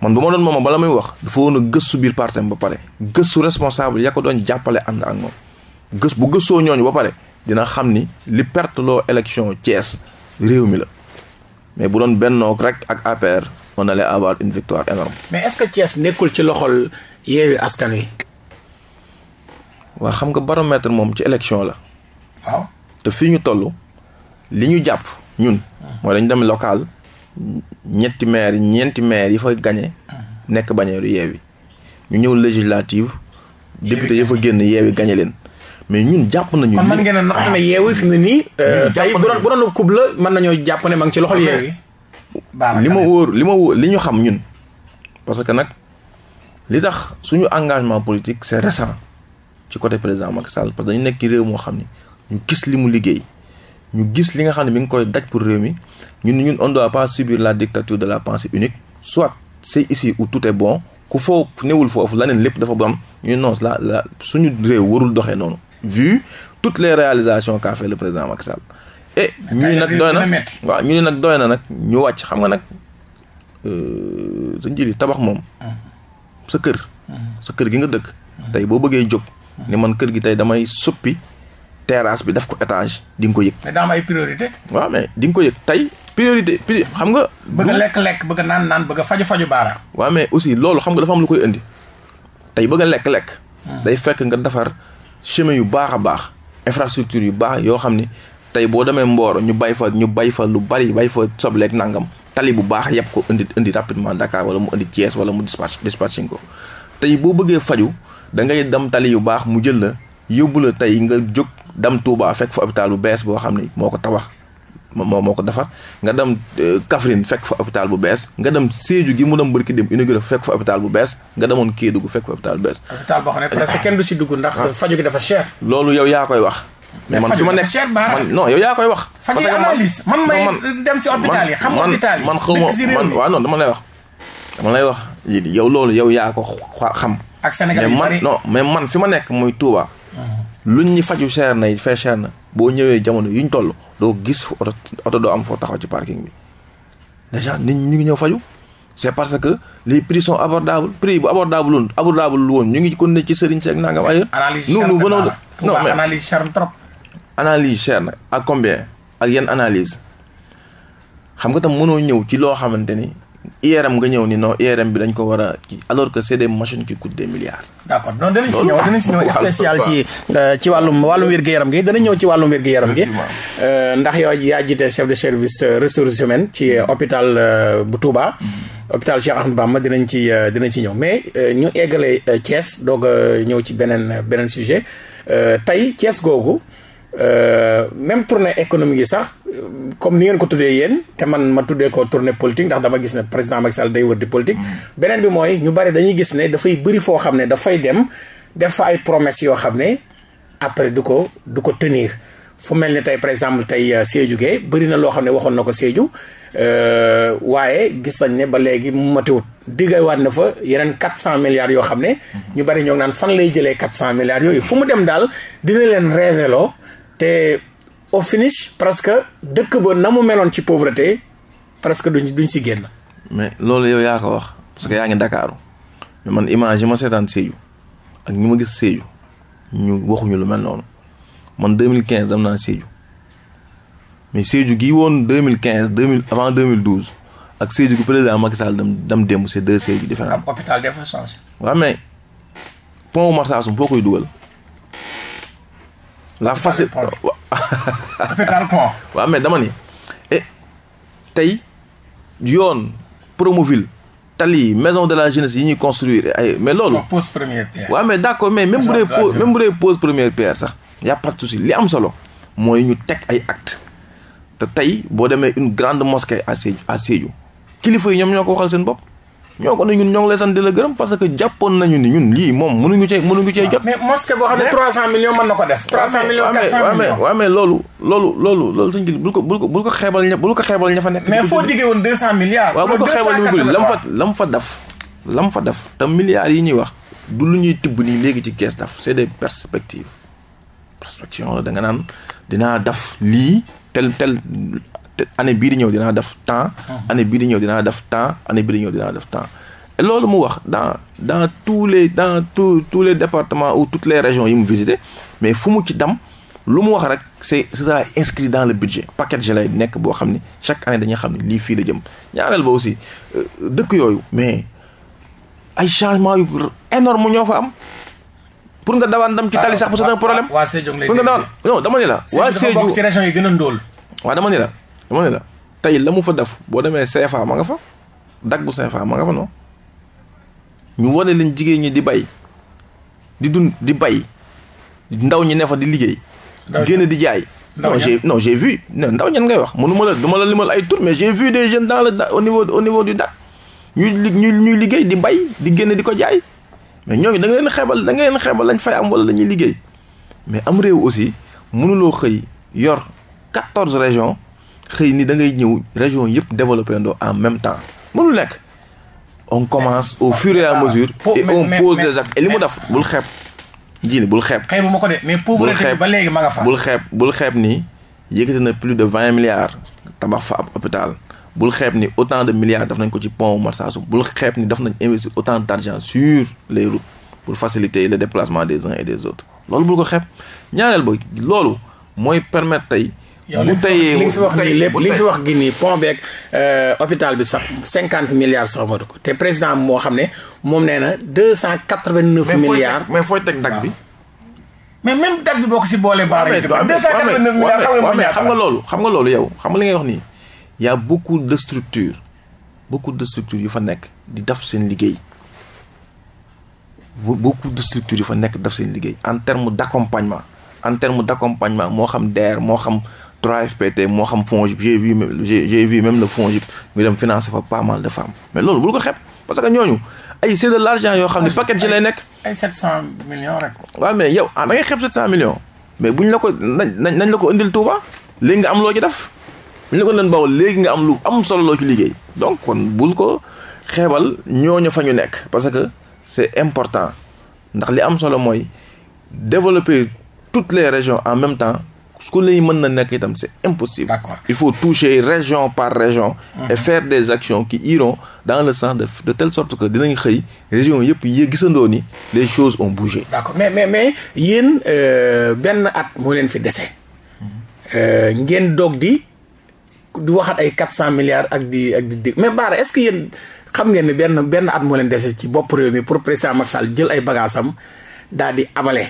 man bu ma doon moom bala muy wax dafa woon a gëstu biir partem ba pare gëstu responsable ya ko doon jàppale ànd ak moom gës bu gëstoo ñooñu ba pare dina xam ni li perte loo élection Thiès réew mi la mais bu doon bennook rek ak APR on allait avoir une victoire énorme mais est-ce que Thiès nekkul ci loxol Yewwi Askan Wi. waa xam nga baromètre moom ci élection la. waaw te fii ñu toll li ñu jàpp ñun. Ah. mooy dañu dem local. ñetti maire yi ñeenti maire yi fa gañe nekk bañeeru yeewi ñu ñëw législative député yi fa génn yeewi gañe leen mais ñun jàpp nañu. kon man ngeen a naq na fi mu nii. Euh, tey bu doon kub la mën nañoo jàpp ne ma ngi ci loxol yeewi. li ma wóor li ma wóor li ñu xam ñun. parce que nag li tax suñu engagement politique c'est récent ci côté président Macky Sall parce dañu nekk réew moo xam ni ñu gis li mu liggéey. ñu gis li nga xam ne mi ngi koy daj pour réew mi ñun ñun on doit pas subir la dictature de la pensée unique soit c'est ici où tout est bon ku foo newul foofu laneen lépp dafa bon ñu non la la suñu réew warul doxee noonu vu toutes les réalisations qu'a fait le président Macky Sall et ñu ne nag doy na waaw ñu ne nag doy na nag ñu wàcc xam nga nag euh, sa njëriñ tabax moom sa kër sa kër gi nga dëkk tey boo bëggee jóg ne man kër gi tey damay suppi terrasse bi def ko étage di nga ko yëg. mais daa am ay priorité. di nga ko yëg tey priorité xam nga. bëgg a lekk-lekk bëgg a naan naan bëgg a faju faju baara. waaw mais aussi loolu xam nga dafa am lu koy indi tey bëgg a lekk-lekk. Hmm. day fekk nga defar chemin yu baax a baax infrastructure yu baax yoo xam ni tey boo demee mbooro ñu bay fa ñu bay fa lu bari bay fa sobleeg nangam. tali bu baax yëpp ko indi indi rapidement Dakar wala mu indi Thiès wala mu dispatch dispatching ko tey boo bëggee faju da ngay dem tali yu baax mu jël la. yóbbu la tey nga jóg dem Touba fekk fa hôpital bu bees boo xam ne moo ko tabax moo moo ko defar nga dem euh, Kaffrine fekk fa hôpital bu bees nga dem Sédhiou gi mu dem bërki dem inauguré fekk fa hôpital bu bees nga demoon Kédougou fekk fa hôpital bu bees. hôpital boo xam ne presque kenn du si dugg ndax. Ah. faju gi dafa cher. loolu yow yaa koy wax. man fi ma nekk man non yow yaa koy wax. parce que man man may dem si hôpital yi xam nga hôpital yi man xaw ma man waaw non dama lay wax. dama lay wax yow loolu yow yaa ko xam. ak Sénégal yu bari mais man non mais man fi ma nekk muy Touba luñ ñu faju cher na fee cher na boo ñëwee jamono yuñ toll doo gis fu oto doo am foo taxaw ci parking bi déjà nit ñu ngi ñëw faju c'est parce que les prix sont abordables prix bu abordable woon abordable woon ñu ngi ko ne ci sëriñ si ak nangam ailleurs. nous nous venons de non mais analyse cher na trop. analyse cher na ak combien ak yenn analyse xam nga tam mënoo ñëw ci loo xamante ni. IRM nga ñëw ni non IRM bi dañ ko war a alors que c'est des machines qui coûtent des milliards. d'accord non danañ si ñëw danañ si ñëw ci euh, ci wàllum wàllum wér-gu-yaram gi danañ ñëw ci wàllum wér-gu-yaram gi. Euh, ndax yow yaa jiite chef de service euh, ressources humaines ci mm-hmm. hôpital bu Touba. Mm-hmm. hôpital Cheikh Ahmadou Bamba dinañ ci dinañ ci ñëw mais ñu eggale Thiès doog a ñëw ci beneen beneen sujet tey Thiès googu. Euh, même tournée économique yi sax comme ni ngeen ko tuddee yéen te man ma tuddee ko tournée politique ndax dama gis ne président Macky Sall day wër di politique. Mm. beneen bi mooy ñu bari dañuy gis ne dafay bëri foo xam ne dafay dem def fa ay promesses yoo xam ne après du ko du ko tenir fu mel ni tey par exemple tey euh, Sédhiou Gueye bëri na loo xam ne waxoon na ko Sédhiou euh, waaye gis nañ ne ba léegi matiwut diggawaat na fa yeneen quatre cent milliards yoo xam ne. Mm-hmm. ñu bari ñoo naan fan lay jëlee quatre cent milliards yooyu fu mu dem daal dina leen révéloo te au finish que dëkk ba na mu meloon ci pauvreté presque duñ ñu si génn. mais loolu yow yaa ko wax parce que yaa ngi Dakaaru mais man image yi ma seetaan Sédhiou ak ñu ma gis Sédhiou ñu waxuñu lu mel noonu man 2015 dem naa Sédhiou mais Sédhiou gi woon deux 2000 avant 2012 ak Sédhiou gi président Macky Sall dem dem démb c'est deux Sédhiou différents. am hôpital dafa changé. waaw mais pont Marsassoum foo koy dugal. la facilité waaw amee dama ni eh tey yoon Promoville tali maison de la jeunesse yi ñuy construire ay mais loolu. pose première pierre. waaw mais d' mais même pose même bu dee pose première pierre sax y' a li am solo mooy ñu teg ay acte te tey boo demee une grande mosquée à Sédhiou à kilifa yi ñoom ñoo ko waxal seen bopp. ñoo ko ne ñun ñoo ngi lay sant di la gërëm parce que jàppoon nañu ni ñun lii moom mënuñu cee mënuñu cee jot. mais boo xam ne 300 millions mën na ko waaw mais ko xeebal ña bul ko xeebal ña fa nekk. mais foo diggee woon 200 milliards. waaw bul fa lam fa def. fa def te milliards yi ñuy wax du lu ñuy tibb nii léegi ci kees daf c'est des perspectives la da nga naan dinaa daf lii tel tel année bii di ñëw dinaa def temps année bii di ñëw dinaa def temps année bii di ñëw dinaa def temps et loolu mu wax dans dans tous les dans tous tous les départements ou toutes les régions yi mu visité mais fu mu ci dem lu mu wax rek c'est ce sera inscrit dans le budget paquet je lay nekk boo xam ne chaque année dañuy xam ne lii fii la jëm ñaareel ba aussi euh, dëkk yooyu mais ay changement yu énorme ñoo fa am pour nga dawaan dem ci tali sax parce que c'est un problème pour nga dawaan non dama ne la waa Sédhiou waa dama ne la dama ne la tey la mu fa def boo demee CFA ma nga fa dag bu CFA ma nga fa non ñu wane leen jigéen ñi di bay di dund di bay ndaw ñi ne fa di liggéey. génn di jaay. non j'ai non j'ai vu ndaw ñan ngay wax mënuma la duma la limal ay tur mais j'ai vu des jeunes dans le au niveau au niveau du DAC ñuy liggéey di bay di génn di ko jaay mais ñooñu da nga leen xebal da nga leen xebal lañ fay am wala la ñuy liggéey mais am réew aussi mënuloo xëy yor quatorze régions. xëy ni da ngay ñëw région yëpp développé ndoo en même temps mënul nekk on commence au ah, fur et à ah, mesure et on pose des actes et li mu def bul xeeb ji bul xeeb xeebuma ko de mais pauvreté ba léegi ma nga fa bul xeeb bul xeeb ni yëkkati na plus de vingt milliards tabax fa ab hôpital bul xeeb ni autant de milliards daf nañ ko ci pont Marsassoum bul xeeb ni daf nañ investir autant d' argent sur les routes pour faciliter le déplacement des uns et des autres loolu bul ko xeeb ñaareel ba loolu mooy permettre tey yow li nga fi wax lépp li nga fi wax gi nii pont beeg euh, hôpital bi sax cinquante milliards sax matu ko te président moo xam ne moom nee na deux cent quatre vingt neuf milliards mais fooy teg dag bi mais même dag bi boo ko si boolee baara yi deux cent quatre vingt xam nga loolu xam nga loolu yow xam nga li ngay wax nii y a beaucoup de structures beaucoup de structures yu fa nekk di def seen liggéey beaucoup de structures yu fa nekk def seen liggéey en terme d' accompagnement en terme d' moo xam DER moo xam 3FPT moo xam FONGIP j'ai vu j'ai vu même le FONGIP mu dem financer fa pas mal de femmes mais loolu bul ko xeeb parce que ñooñu ay c'est de l' yoo xam ne paquet ji lay nekk. ay 700 millions rek. waaw mais yow ah da ngay xeeb 700 millions mais buñ la ko nañ nañ la ko indil Touba léegi nga am loo ci def buñ la ko indil Bawol léegi nga am lu am solo loo ci liggéey donc kon bul ko xeebal ñooñu fa ñu nekk parce que est important ndax li am solo mooy développer. toutes les régions en même temps school yi mën na nekk itam c'est impossible d'accord il faut toucher région par région et mhm. faire des actions qui iront dans le sens de de telle sorte que dinañ xëy région yëpp yi gisandoo ni les choses ont bougé d'accord mais mais mais yéen euh, benn at moo leen fi dese euh, ngeen doog di di waxaat ay quatre cent milliards ak di ak di dégg mais Bara est-ce que xam ngeen ne benn benn at moo leen dese ci bopp réew mi pour président Macky Sall jël ay bagages am daal di amale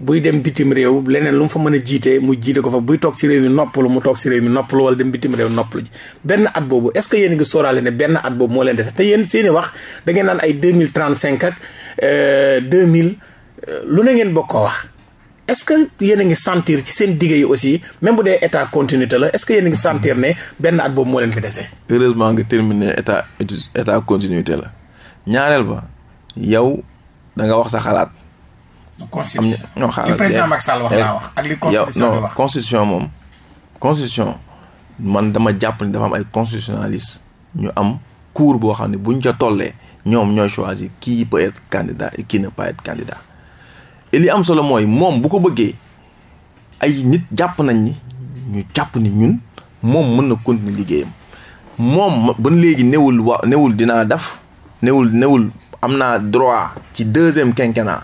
buy dem bitim réew leneen lu mu fa mën a jiite mu jiite ko fa buy toog ci réew mi noppalu mu toog ci réew mi noppalu wala dem bitim réew noppalu ji benn at boobu est-ce que yéen a ngi sóoraale ne benn at boobu moo leen dese te yéen seen i wax da ngeen naan ay deux mille trente cinq ak euh, deux mille euh, lu ne ngeen bokkoo wax est-ce que yéen a ngi sentir ci seen digg yi aussi même bu dee état continuité la est-ce que yéen a ngi sentir ne benn at boobu moo leen fi dese. heureusement nga terminé état état continuité la ñaareel ba yow da nga wax sa xalaat. constitution non xaaral li président Macky Sall wax laa eh, moom constitution man dama jàpp ni am ay constitutionnaliste ñu am cour boo xam ne buñ ca tollee ñoom ñooy choisir qui peut être candidat et qui ne pas li am solo mooy moom bu ko bëggee ay nit jàpp nañ ni ñu jàpp ni ñun moom mën na continuer liggéeyam moom ba léegi newul wa newul dinaa def newul newul am naa droit ci deuxième quinquennat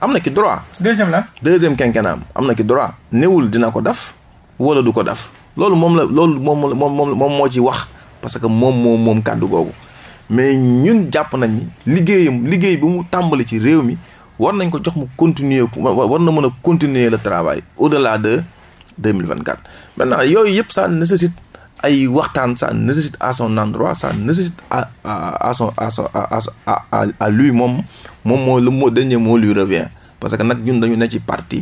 am na ki droit. deuxième la. deuxième quinquennat am na ki droit néewul dina ko def wala du ko def loolu moom la loolu moom moom moom moo ci wax parce que moom moom moom kàddu googu mais ñun jàpp nañ ni liggéeyam liggéey bi mu tàmbali ci réew mi war nañ ko jox mu continuer war na mën a continuer le travail au delà de 2024 maintenant yooyu yëpp ça nécessite. ay waxtaan ça nécessite à son endroit ça nécessite à à à son à son à à à lui moom moom moo le mot dernier mot lui revient parce que nag ñun dañu nekk ci parti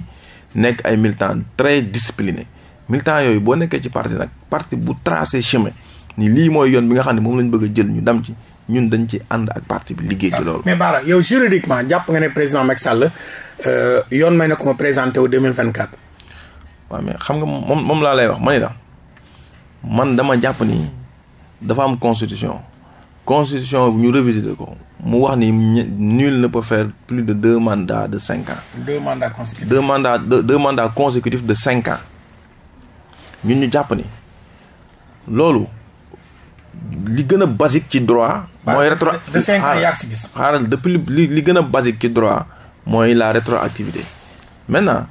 nekk ay militants très disciplinés militants yooyu boo nekkee ci parti nag parti bu tracé chemin ni lii mooy yoon bi nga xam ne moom lañ bëgg a jël ñu dem ci ñun dañ ci ànd ak parti bi liggéey ci loolu. mais Bara yow juridiquement jàpp nga ne président Macky Sall euh, yoon may na ko ma présenté wu 2024. waaw mais xam nga moom moom laa lay wax ma ne la. man dama jàpp ni dafa am constitution constitution bi ñu révisé ko mu wax ni nul ne peut faire plus de deux mandats de cinq ans. deux mandats consécutifs deux mandats de deux mandats consécutifs de cinq ans ñun ñu jàpp ni loolu li gën a basique ci droit. mooy rétro cinq ans yaa si gis. xaaral depuis li li gën a basique ci droit mooy la rétroactivité maintenant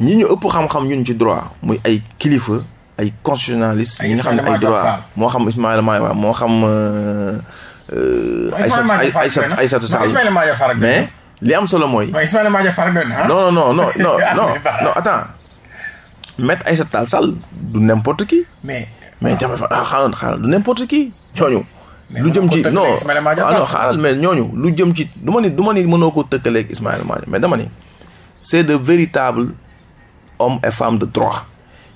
ñi ñu ëpp xam-xam ñun ci droit muy ay kilifa. ay constitutionnaliste ñi nga xam ne ay droit moo xam Ismaïla Madior Fall moo xam euh, Aïssatou Aïssatou Sall mais li am solo mooy Ismaïla Madior Fall ah. non non non non non non non attends du n'importe qui mais mais ah. jafe ah xaaral xaaral du n'importe qui ñooñu lu jëm ci non ah, non xaaral mais ñooñu lu jëm ci du ma ni du ma mënoo ko tëkkaleeg Ismaïla Madior mais dama ni c'est de véritables hommes et femmes de droit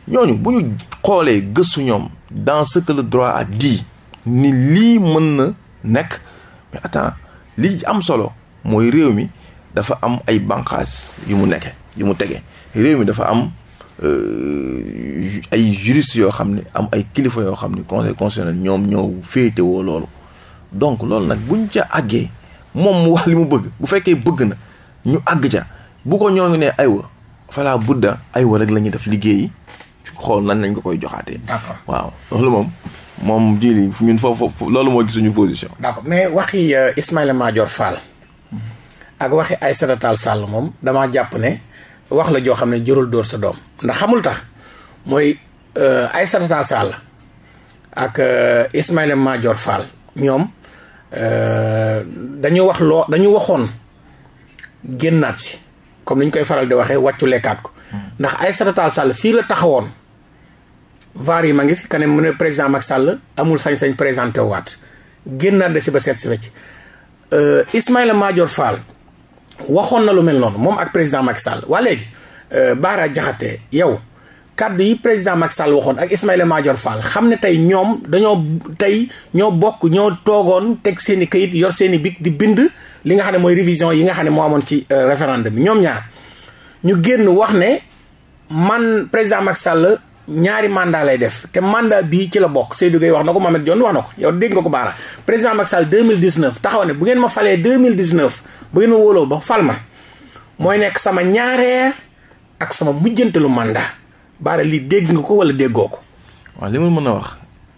ñooñu bu ñu xoolee gëstu ñoom dans ce que droit a dit ni lii mën na nekk mais attends li am solo mooy réew mi dafa am ay bànqaas yu mu nekke yu mu tege réew mi dafa am euh, ay juristes yoo xam ne am ay kilifa yoo xam ne conseil constitutionnel ñoom ñoo féetewoo loolu donc loolu nag buñ ca àggee moom mu wax li mu bëgg bu fekkee bëgg na ñu àgg ca bu ko ñooñu ne aywa fala budda aywa rek la ñuy def liggéey xool nan lañ ko koy joxaatee. d'accord waaw loolu moom moom jili ñun foofu loolu moo gis suñu position. d'accord mais waxi euh, Ismaïla Madior ak waxi Aïssata Tall Sall moom damaa jàpp ne wax la joo xam ne jërul dóor sa doom. ndax xamul tax mooy euh, Aïssata Tall Sall ak euh, Ismaïla Madior Fall ñoom dañu wax loo dañu waxoon génnaat si comme ni ñu koy faral di waxee wàccu lekkaat ko. Hmm. ndax ay Tall Sall fii la taxawoon. vaar yi ma ngi fi ka ne mu ne président Macky Sall amul sañ-sañ présenté waat génnaat de si ba seet si wecc euh, Ismaïla Madior Fall waxoon na lu mel noonu moom ak président Macky Sall waa léegi euh, Baara Jaxate yow kàddu yi président Macky Sall waxoon ak ismaile Madior Fall xam ne tey ñoom dañoo tey ñoo bokk ñoo toogoon teg seen i kayit yor seeni i di bind li nga xam ne mooy révision yi nga xam ne moo amoon ci euh, référendum bi ñoom ñaar ñu génn wax ne man président Macky Sall ñaari mandat lay def te mandat bii ci la bokk Seydou Gueye wax na ko Mohamed Dione wax na ko yow dégg nga ko baara président Macky Sall 2019 taxaw ne bu ngeen ma falee 2019 bu ngeen ma wóoloo ba fal ma mooy nekk sama ñaareel ak sama mujjantalu mandat baara lii dégg nga ko wala déggoo ko. waaw li ma mën a wax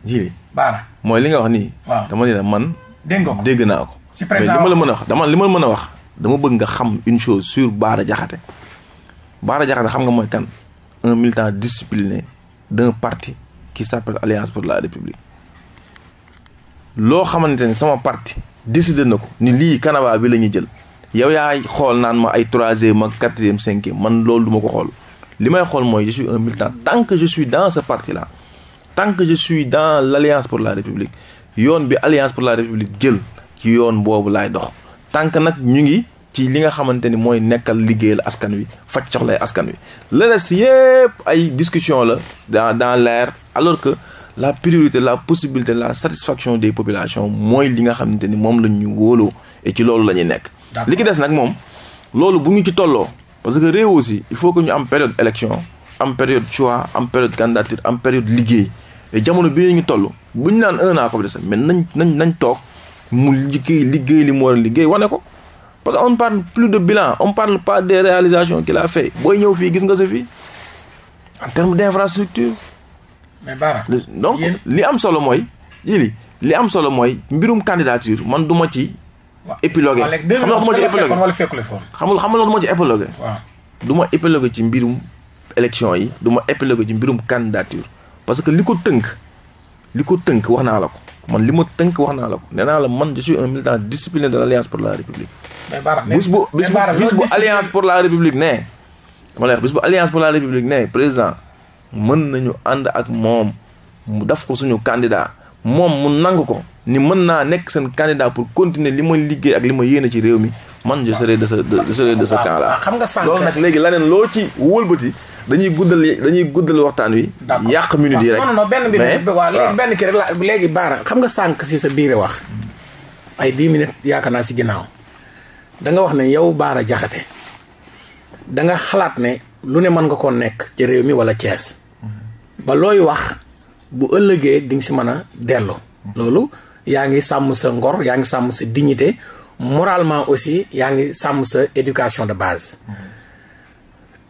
ji baara mooy li nga wax nii. dama ne la man. dégg ko dégg naa ko. si président mais li ma la mën a wax dama li ma mën a wax dama bëgg nga xam une chose sur Baara Jaxate Baara Jaxate xam nga mooy kan un militant discipliné. d'un parti qui s'appelle Alliance pour la République loo xamante ni sama parti décidé na ko ni lii canaba bi la ñuy jël yow yaay xool naan ma ay troisième ak quatrième cinquième man loolu du ma ko xool li may xool mooy je suis un militant tant que je suis dans ce parti là tant que je suis dans l'Alliance pour la République yoon bi Alliance pour la République jël ci yoon boobu laay dox tant nag ñu ngi ci li nga xamante ni mooy nekkal liggéeyal askan wi faj soxlay askan wi le reste yëpp ay discussion la dans dans l'air alors que la priorité la possibilité la satisfaction des populations mooy li nga xamante ni moom lañ ñu wóoloo ci loolu la ñuy nekk li ki des nag moom loolu bu ñu ci tolloo parce que réew aussi il faut que ñu am période élection am période choix am période candidature am période liggéey jamono bi ñu toll bu ñu naan un an ko fi des mais nañ nañ nañ toog mu liggéey liggéey li mu liggéey wane ko parce que on parle plus de bilan on parle pas des réalisations qu'il a fait booy ñëw fii gis nga sa fii en terme d' infrastructure. mais Bara donc li am solo mooy yii li am solo mooy mbirum candidature man du ma ci. épilogué xam nga du ma ci épilogué xamul xam nga du ma ci épilogué. waaw du ma épilogué ci mbirum élection yi du ma épilogué ci mbirum candidature parce que li ko tënk li ko tënk wax naa la ko man li ma tënk wax naa la l' alliance la république. bis bu bis bu bis bu alliance pour la république ne dama lay wax bis bu alliance pour la république ne président mën nañu ànd ak moom mu daf ko suñu candidat moom mu nangu ko ni mën naa nekk seen candidat pour continuer li ma liggéey ak li ma yéene ci réew mi man je serai de ce je serai de xam nga sànq loolu nag léegi laneen loo ci wëlbati dañuy guddal dañuy guddal waxtaan wi yàq minute yi rek non non benn bi waaw léegi benn kii rek la léegi baara xam nga sànq si sa biire wax ay dix yaakaar naa si ginnaaw da nga wax ne yow Bara Diakhaté da nga xalaat ne lu ne mën nga koo nekk ci réew mi wala Thiès ba looy wax bu ëllëgee dinga si mën a dellu loolu yaa ngi sàmm sa ngor yaa ngi sàmm sa dignité moralement aussi yaa ngi sàmm sa éducation de base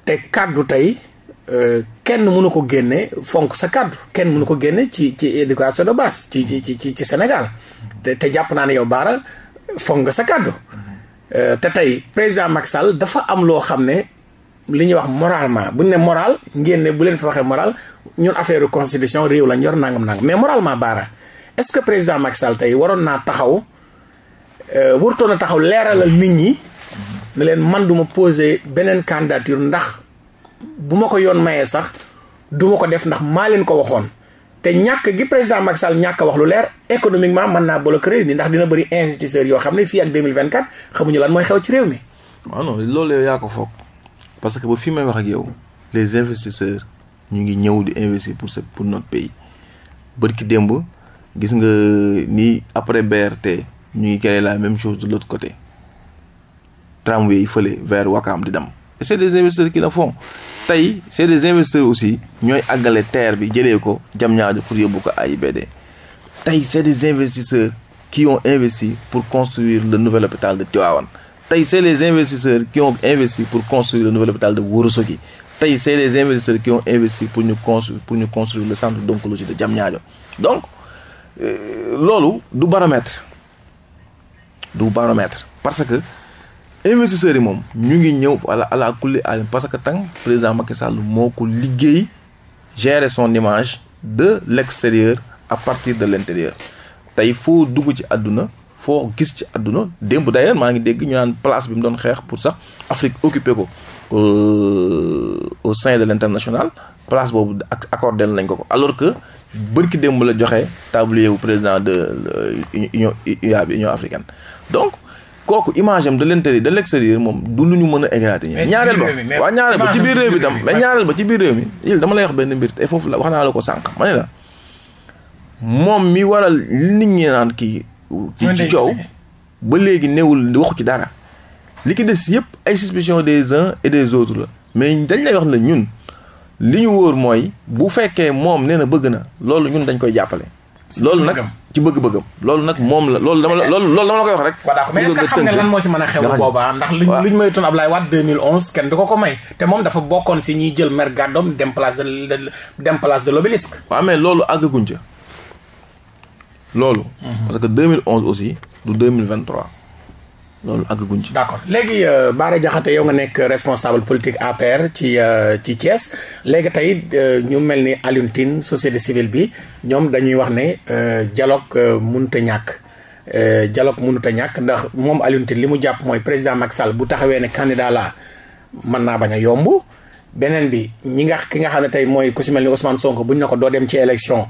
te kàddu tey euh, kenn mënu ko génne fonk sa kàddu kenn mënu ko génne ci ci éducation de base ci ci ci ci Sénégal te te jàpp naa ne yow baara fonk nga sa kàddu Euh, te tey président Macky dafa am loo xam ne li ñuy wax moralement bu ñu ne moral ngeen ne bu leen fa waxee moral ñun affaire constitution réew lañ yor nangam nangam mais moralement baara est-ce que président Macky Sall tey waroon naa taxaw euh, warutoon na taxaw leeralal nit ñi ne leen man du ma poser beneen candidature ndax bu ma ko yoon mayee sax duma ko def ndax maa leen ko waxoon. te ñàkk gi président Macky Sall ñàkk wax lu leer économiquement mën naa bloquer réew mi ndax dina bëri investisseurs yoo xam ne fii ak 2024 xamuñu lan mooy xew ci réew mi. waaw non loolu yow yaa ko foog parce que ba fi may wax ak yow les investisseurs ñu ngi ñëw di investir pour ce pour notre pays ki démb gis nga ni après BRT ñu ngi créé la même chose de l'autre côté tramway yi fële vers Wakam di dem. et c' est des investisseurs qui la font tey c' est aussi ñooy àggale terre bi jëlee ko jam ñaaju pour yóbbu ko AIBD tey c' est des investisseurs qui ont investi pour construire le nouvel hôpital de Tivaouane tey c' est les investisseurs qui ont investi pour construire le nouvel hôpital de Ourossogui tey c' est les investisseurs qui ont investi pour ñu construire pour ñu construire le centre d'oncologie de Diamniadio donc euh, loolu du baromètre du baromètre parce que investisseurs yi moom ñu ngi ñëw ala ala kulli àll parce que tant président Macky Sall moo ko liggéey gérer son image de l'extérieur à partir de l'intérieur tey foo dugg ci àdduna foo gis ci àdduna démb d'ailleurs maa ngi dégg ñu naan place bi mu doon xeex pour sax Afrique occupé ko euh, au sein de l'international place boobu ak accordé nañ ko ko alors que bërki démb la joxe tablier wu président de union UA bi Union africaine donc kooku imagem am de l'intérieur de l'extérieur moom du lu ñu mën a égraté ñi ñaareel ba waaw ñaareel ba ci biir réew mi tam mais ñaareel ba ci biir réew mi il dama lay wax benn mbir te la wax naa la ko sànq ma ne la mi waral nit ñi naan kii kii ci ba léegi newul waxu ci dara li ki des yëpp ay suspicion des uns et des autres la mais dañ lay wax ne ñun li ñu wóor mooy bu fekkee moom nee na bëgg na loolu ñun dañ koy jàppale loolu nag ci bëgg-bëggam loolu nag moom la loolu dama la loolu dama la koy wax rek. waaw d'accord mais est xam nga lan moo si mën a xew boobaa ndax luñ luñ moytoon Ablaye Wade 2011 kenn du ko ko may te moom dafa bokkoon si ñiy jël mer gàddoom dem place de dem place de l'obélisque. waaw mais loolu àggaguñ ca loolu. Mhm. parce que 2011 aussi du mille 2023. loolu àggaguñ ci. d' accord léegi euh, Bara Diakhaté yow nga nekk responsable politique APR ci euh, ci Thiès léegi tey euh, ñu mel ni Alioune Tine société civile bi ñoom dañuy wax ne dialogue mënut a ñàkk dialogue mënut a ñàkk ndax moom Alioune li mu jàpp mooy président Macky Sall bu taxawee ne candidat laa mën naa bañ a yomb. beneen bi ñi nga ki nga xam ne tey mooy ku si mel ni Ousmane Sonko ñu ne ko doo dem ci élection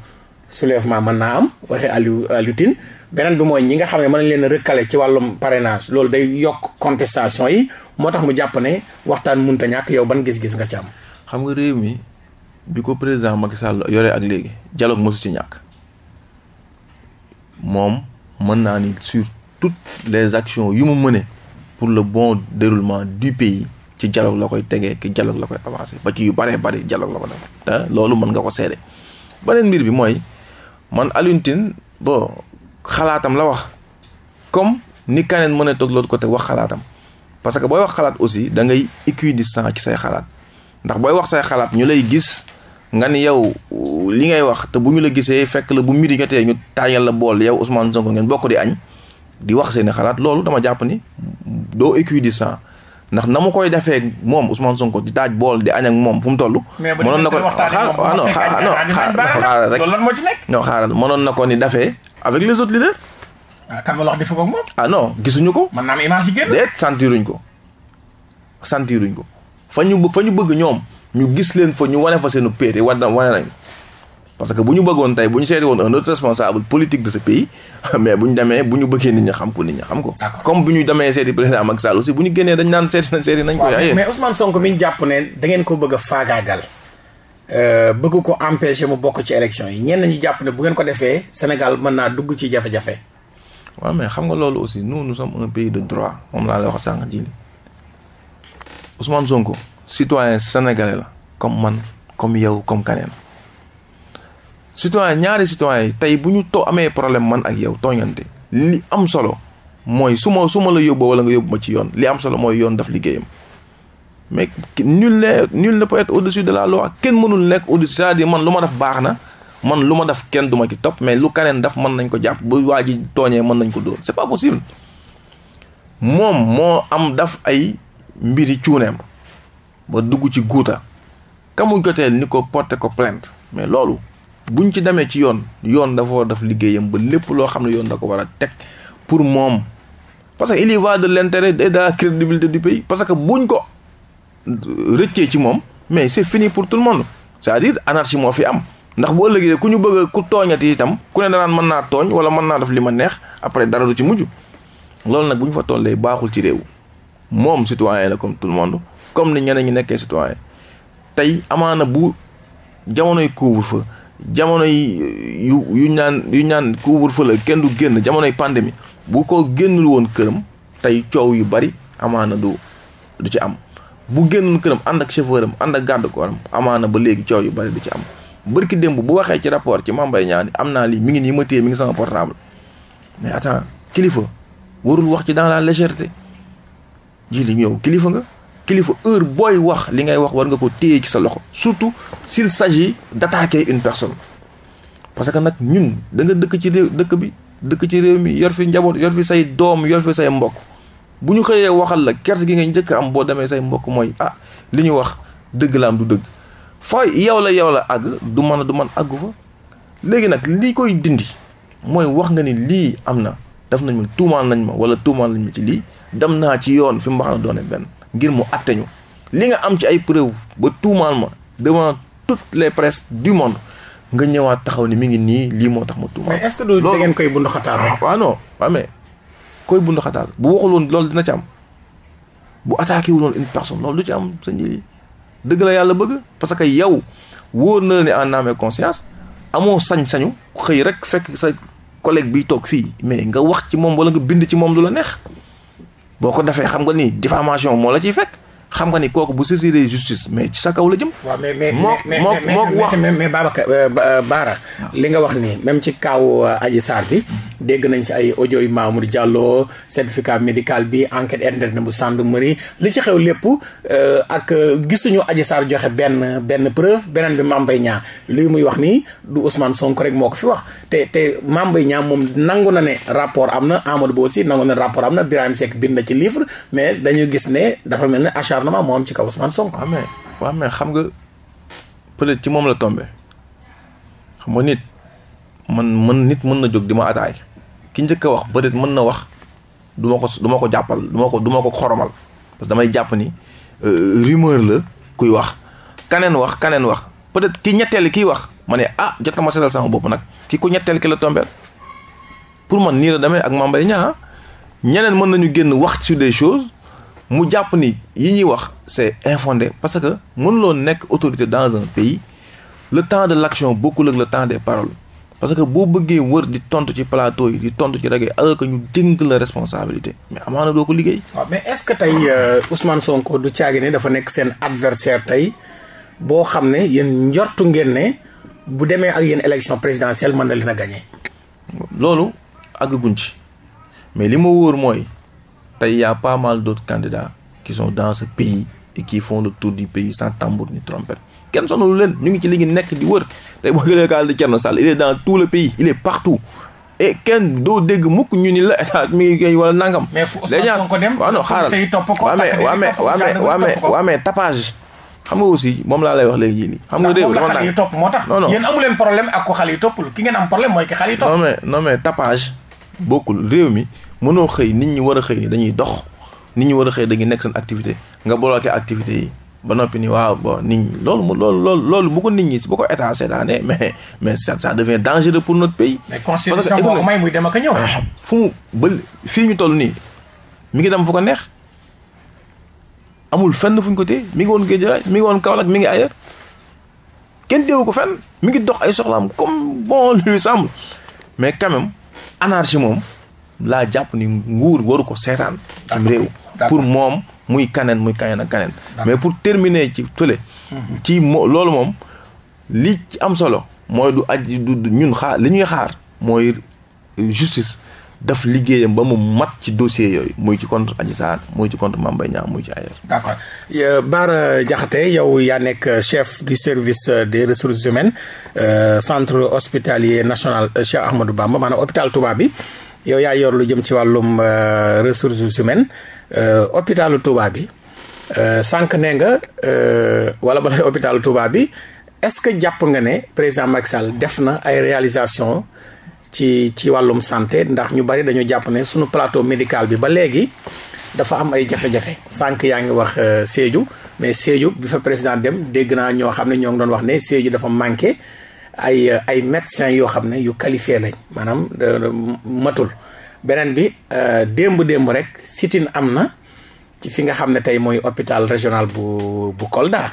soulèvement mën naa am waxee Aliou Alioune beneen bi mooy ñi nga xam ne man leen a ci wàllum parrainage loolu day yokk contestation yi moo tax mu jàpp ne waxtaan munta ñàkk yow ban gis-gis nga ci am. xam nga réew mi bi ko président Macky Sall yore ak léegi dialogue mosu ci ñàkk moom mën naa ni sur toutes les actions yu mu mëne pour le bon déroulement du pays ci dialogue la koy tegee ki dialogue la koy avancé ba ci yu baree bari dialogue la ko def. te loolu mën nga ko seede beneen mbir bi mooy man Alioune Tine xalaatam la wax comme ni kaneen mën a toog l'autre côté wax xalaatam parce que booy wax xalaat aussi da ngay équidistant ci say xalaat ndax booy wax say xalaat ñu lay gis nga ni yow li ngay wax te bu ñu la gisee fekk la bu midi jotee ñu taajal la bool yow Ousmane Sonko ngeen ko di añ di wax seeni xalaat loolu dama jàpp ni doo équidistant ndax na mu koy defee moom Ousmane Sonko di taaj bool di añ ak moom fu mu toll. mënoon na ko xaaral ah ah non xaaral rek non mënoon na ko ni dafee avec les autres leaders. ah kan ma la wax ah, gisuñu ko. mën naa am image yi génn. ko sentiruñ ko fa ñu bëgg ñoom ñu gis leen fa ñu wane fa seenu péete wane wane nañ parce que bu ñu bëggoon tey bu ñu seeti woon un autre responsable politique de ce pays mais bu ñu demee bu ñu bëggee nit ñi xam ko nit ñi xam ko. comme bu ñu demee seeti président Macky Sall aussi bu ñu génnee dañ naan seeti nañ seeti nañ ko. waaw mais Ousmane Sonko mi jàpp ne da ko bëgg faagaagal. Euh, bëgg ko empêcher mu bokk ci élection yi ñenn ñi jàpp ne bu ngeen ko defee Sénégal mën naa dugg ci jafe-jafe. waaw mais xam nga loolu aussi nous nous sommes un pays de droit moom laa la wax sànq ji Ousmane Sonko citoyen sénégalais la comme man comme yow comme keneen. citoyen ñaari citoyen yi tey bu ñu too amee problème man ak yow tooñante li am solo mooy su ma su ma la yóbboo wala nga yóbbu ma ci yoon li am solo mooy yoon daf liggéeyam. mais nul ne nul ne peut être au-dessus de la loi kenn mënul nekk au-dessus man lu ma def baax na man lu ma def kenn du ma ci topp mais lu keneen daf man nañ ko jàpp bu waa ji tooñee mën nañ ko dóor c'est pas possible moo am daf ay mbiri cuuneem ba dugg ci guuta kamu joteel ni ko porter ko plainte mais loolu buñ ci demee ci yoon yoon dafa war def liggéeyam ba lépp loo xam ne yoon da ko war a teg pour moom parce que il y va de l'intérêt et de la crédibilité du pays parce que buñ ko rëccee ci moom mais c'est fini pour tout le monde c'est-à-dire anarchie moo fi am ndax bu ëllëgee ku ñu bëgg ku tooñati itam ku ne danaan mën naa tooñ wala mën naa def li ma neex après dara du ci mujj loolu nag bu ñu fa tollee baaxul ci réew moom citoyen la comme tout le monde comme ni ñeneen ñi nekkee citoyen tey amaana bu jamonoy couvre-feu jamono yi euh, yu yu ñaan yu ñaan couvre-feu la kenn du génn jamonoy pandémie bu ko génnul woon këram tey coow yu bari amaana du du ci am bu génnoon këram ànd ak chauffeur am ànd ak garde corps am amaana ba léegi coow yu bari du ci am bërki démb bu waxee ci rapport ci mambay ñaani am naa lii mi ngi nii ma téye mi ngi sama portable mais attends kilifa warul wax ci dans la légerté ji li ñëw kilifa nga kilifa heure booy wax li ngay wax war nga ko téye ci sa loxo surtout s'il s'agit d'attaquer une personne parce que nag ñun da nga dëkk ci dëkk bi dëkk ci réew mi yor fi njaboot yor fi say doom yor fi say mbokk bu ñu xëyee waxal la kers gi nga njëkk am boo demee say mbokk mooy ah li ñu wax dëgg la am du dëgg fooy yow la yow la àgg du mën a du mën àggu fa léegi nag lii koy dindi mooy wax nga ni lii am na def nañ ma tuumaan nañ ma wala tuumaan nañ ma ci lii dem naa ci yoon fi mu baax na doone benn ngir mu atte li nga am ci ay preuve ba tuumaan ma devant toutes les presses du monde nga ñëwaat taxaw ni mu ngi nii lii moo tax ma tuumaan. mais est doo que du ngeen koy bundu xataar ah, koy bund xataal bu waxul woon loolu dina ci am bu attaqué wu loolu une loolu du ci am sa dëgg la yàlla bëgg parce que yow wóor na ne en âme et conscience amoo sañ-sañu xëy rek fekk sa collègue bi toog fii mais nga wax ci moom walla nga bind ci moom lu la neex boo ko defee xam nga ni diffamation moo la ciy fekk. xam nga ni kooku bu saisiré justice mais ci sa kaw la jëm. waaw mais mais mais mais Babacar euh, euh, Baara. Ah. li nga wax nii même ci kaaw euh, Adji Sarr bi. dégg nañ si ay audio yu Mamour Diallo certificat médical bi enquête interne bu gendarmerie li ci xew lépp ak gisuñu Adji Sarr joxe benn benn preuve beneen bi Mame Mbaye Niang li muy wax nii du Ousmane sonk rek moo ko fi wax te te Mame Mbaye Niang moom nangu na ne rapport am na Amadou Ba aussi nangu na rapport am na Birahim Seck bind na ci livre mais acharnement moo am ci kaw Ousmane Sonko. waaw mais waaw mais xam nga peut-être ci moom la tombé xam nga nit man man nit mën na jóg di ma ataay ki njëkk a wax peut-être mën na wax du ma ko duma ko jàppal duma ko du ko xoromal parce que damay jàpp ni euh, rumeur la kuy wax kaneen wax kaneen wax peut-être ki ñetteel kiy wax ma ne ah jot na ma seetal sama bopp nag ki ku ñetteel ki la tombeel pour man nii la demee ak Mame Mbaye ñaa ah. ñeneen mën nañu génn wax sur des choses mu jàpp ni yi ñuy wax c'est infondé parce que mënuloo nekk autorité dans un pays le temps de l'action bokkul ak la temps des paroles parce que boo bëggee wër di tontu ci plateau yi di tontu ci rajo alors que ñu dénk la responsabilité mais amaana doo ko liggéey. waaw mais est-ce que tey euh, Ousmane Sonko du caagi ne dafa nekk seen adversaire tey boo xam ne yéen njortu ngeen ne bu demee ak yéen élection présidentielle mën na leen a gagner. loolu àggaguñ ci mais li ma wóor mooy. tey y a pas mal d'autres candidats qui sont dans ce pays et qui font le tour du pays sans tambour ni trompette kenn sonalu leen ñu ngi ci li nekk di wër tey boo gënee kaal le pays il est partout et kenn doo dégg mukk ñu ni la état mi ngi koy wala nangam. mais fu Ousmane Sonko dem waaw non xaaral waaw mais waaw mais waaw xam nga aussi moom laa lay wax léegi yéen xam nga dégg dama moo tax. non non yéen amu leen problème ak ko xale yi toppul ki ngeen am problème mooy ki xale yi topp. non mais non mais bokkul réew mi. mënoo xëy nit ñi war a xëy ni dañuy dox nit ñi war a xëy dañuy nekk seen activité nga bloqué activité yi ba noppi nii waaw bon nit ñi loolu mu loolu loolu loolu bu ko nit ñi si bu ko état seetaanee mais mais ça ça devient dangereux pour notre pays. mais constitution moo may ah, fu mu ba fii ñu toll nii mi ngi dem fu ko neex amul fenn fu ñu ko téye mi ngi woon Guédiawaye mi ngi woon Kaolack mu ngi ailleurs kenn déewu ko fenn mi ngi dox ay soxlaam comme bon lui semble mais quand même anarchie moom. laa jàpp ni nguur waru ko seetaan am réew pour moom muy kaneen muy kaneen ak kaneen mais pour terminer ci tële mhm. ci moo loolu moom li ci am solo mooy du aji du ñun xaar li ñuy xaar mooy justice daf liggéeyam ba mu mat ci dossier yooyu muy ci contre Adji Sarr muy ci contre Mame Mbaye Niang muy ci ailleurs. d' accord euh, Bara Diakhaté yow yaa nekk chef du service des ressources humaines euh, centre hospitalier national euh, Cheikh Ahmadou Bamba maanaam hôpital tubaab bi. yow yaa yor lu jëm ci wàllum euh, ressources humaines euh, hôpitalu Touba bi euh, sànq ne nga wala ba la hôpitalu Touba bi est-ce que jàpp nga ne président Macky Sall def na ay réalisation ci ci wàllum santé ndax ñu bari dañu jàpp ne suñu plateau médical bi ba léegi dafa am ay jafe-jafe sànq yaa ngi wax Sédhiou mais Sédhiou bi fa président dem dégg naa ñoo xam ne ñoo ngi doon wax ne Sédhiou dafa manqué ay euh, ay médecins yoo xam ne yu qualifié lañ maanaam euh, matul beneen bi démb-démb euh, rek sitin am na ci fi nga xam ne tey mooy hôpital régional bu bu Kolda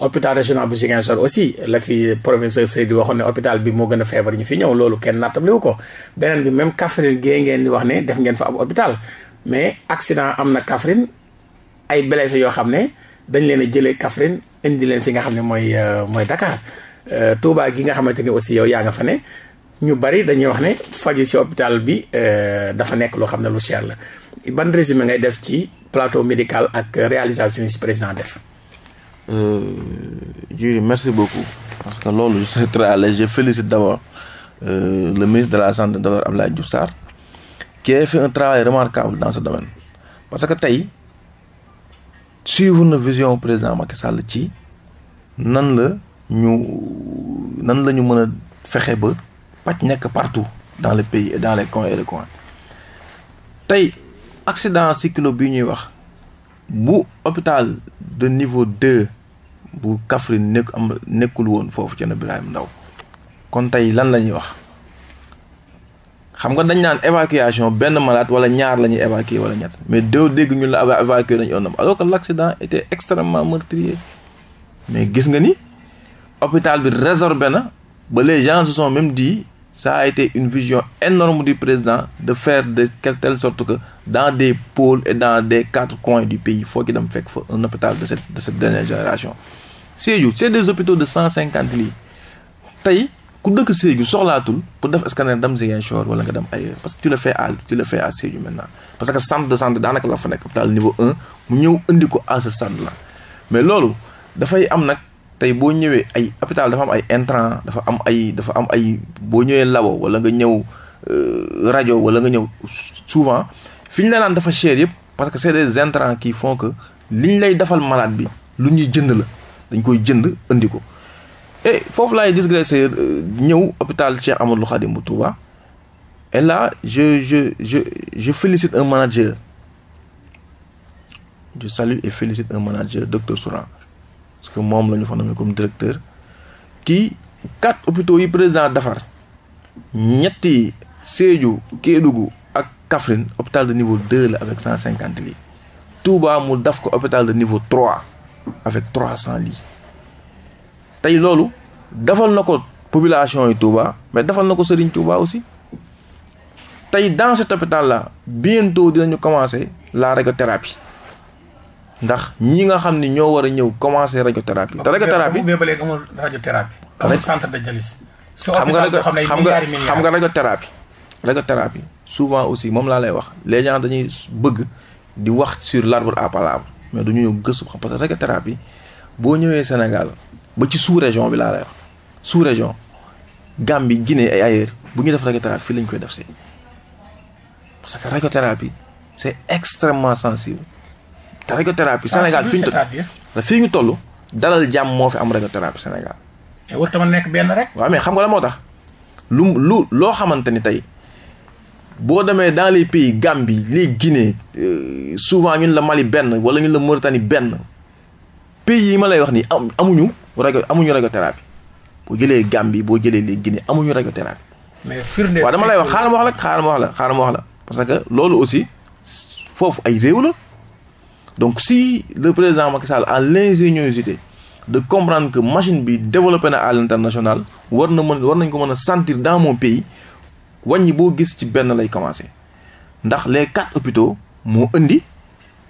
hôpital régional bu Ziguinchor aussi la fi professeur Seydi waxoon ne hôpital bi moo gën a feebar ñu fi ñëw loolu kenn nattable wu ko beneen bi même Kaffrine gée ngeen di wax ne def ngeen fa ab hôpital mais accident am na Kaffrine ay blessé yoo xam ne dañ leen a jëlee Kaffrine indi leen fi nga xam ne mooy mooy Dakar Euh, Touba gi nga xamante ni aussi yow yaa nga fa ne ñu bari dañuy wax ne faju ci hôpital bi euh, dafa nekk loo xam ne lu cher la ban résumé ngay def ci plateau médical ak réalisation yi ci président def. Euh, Diouri merci beaucoup parce que loolu je suis très à l'aise je le ministre de la santé docteur Abdoulaye Diouf Sarr qui a fait un travail remarquable dans ce domaine parce que tey suivre na vision président Macky Sall ci nan la. ñu nan la ñu mën a fexe ba pàcc nekk partout dans le pays dans les coins et les coins tey accident cyclo bi ñuy wax bu hôpital de niveau deux bu Kaffrine nekk am nekkul woon foofu Thierno Birahim Ndao kon tey lan la ñuy wax xam nga dañ naan évacuation benn malaat wala ñaar la ñuy évacuer wala ñett mais doo dégg ñu la évacuer dañu un homme alors que l' accident était extrêmement meurtrier mais gis nga ni hôpital bi résorbé na ba les gens se sont même dit ça a été une vision énorme du président de faire de telle sorte que dans des pôles et dans des quatre coins du pays foo ci dem fekk fa un hôpital de cette de cette dernière génération Sédhiou c'est des hôpitaux de cent cinquante lits tey ku dëkk Sédhiou soxlaatul pour def scanner dem Ziguinchor wala nga dem ailleurs parce que tu le fais à tu le fais à Sédhiou maintenant parce que centre de santé daanaka la fa nekk hôpital niveau un mu ñëw indi ko à ce centre là mais loolu dafay am nag. tey boo ñëwee ay hôpital dafa am ay intrant dafa am ay dafa am ay boo ñëwee labo wala nga ñëw euh, rajo wala nga ñëw souvent fi ñu la naan dafa cher yëpp parce que c'est des intrants qui font que li ñu lay defal malade bi lu ñuy jënd la dañ koy jënd indi ko foofu lay digressé euh, ñëw hôpital Cheikh Amadou Khadim bu Touba et la je je je je félicite un manager je salue et félicite un manager docteur sourant parce que moom la ñu fa nommé comme directeur kii quatre hôpitaux yi président defar ñetti Sédhiou Kédougou ak Kaffrine hôpital de niveau deux la avec cent cinquante lits Touba mu daf ko hôpital de niveau trois avec trois cent lits tey loolu defal na ko population yi Touba mais defal na ko Serigne Touba aussi tey dans cet la là bientôt dinañu commencer la radiothérapie ndax ñi nga xam ne ñoo war a ñëw commencé radiothérapie. te radiothérapie bu ba léegi amul radiothérapie. amul centre de dialyse. xam nga xam nga radiothérapie. radiothérapie souvent aussi moom laa lay wax les dañuy bëgg di wax sur l'arbre à palabre mais du ñu ñëw gëstu xam parce que radiothérapie boo ñëwee Sénégal ba ci sous région bi laa lay wax sous région Gambie Guinée ay ailleurs bu ñu def radiothérapie fii la koy def si parce que radiothérapie c'est extrêmement sensible. te radiothérapie Sénégal fi ñu toll fii ñu toll dalal jàmm moo fi am radiothérapie Sénégal. mais warut a nekk benn rek. waaw mais xam nga la moo tax lu lu loo xamante ni tey boo demee dans les pays Gambie les Guinée euh, souvent ñun la Mali benn wala ñu la Mauritanie benn pays yi ma lay wax nii am amuñu rajo amuñu radiothérapie boo jëlee Gambie boo jëlee les Guinée amuñu radiothérapie. mais firnde waaw dama lay wax xaaral ma wax la xaaral la xaaral ma wax la parce que loolu aussi foofu ay réew la. donc si le président en Sall a l'ingéniosité de comprendre que machine bi développé na à l'international war na mën war nañ ko mën a sentir dans mon pays wàññi boo gis ci benn lay commencé ndax les quatre hôpitaux moo indi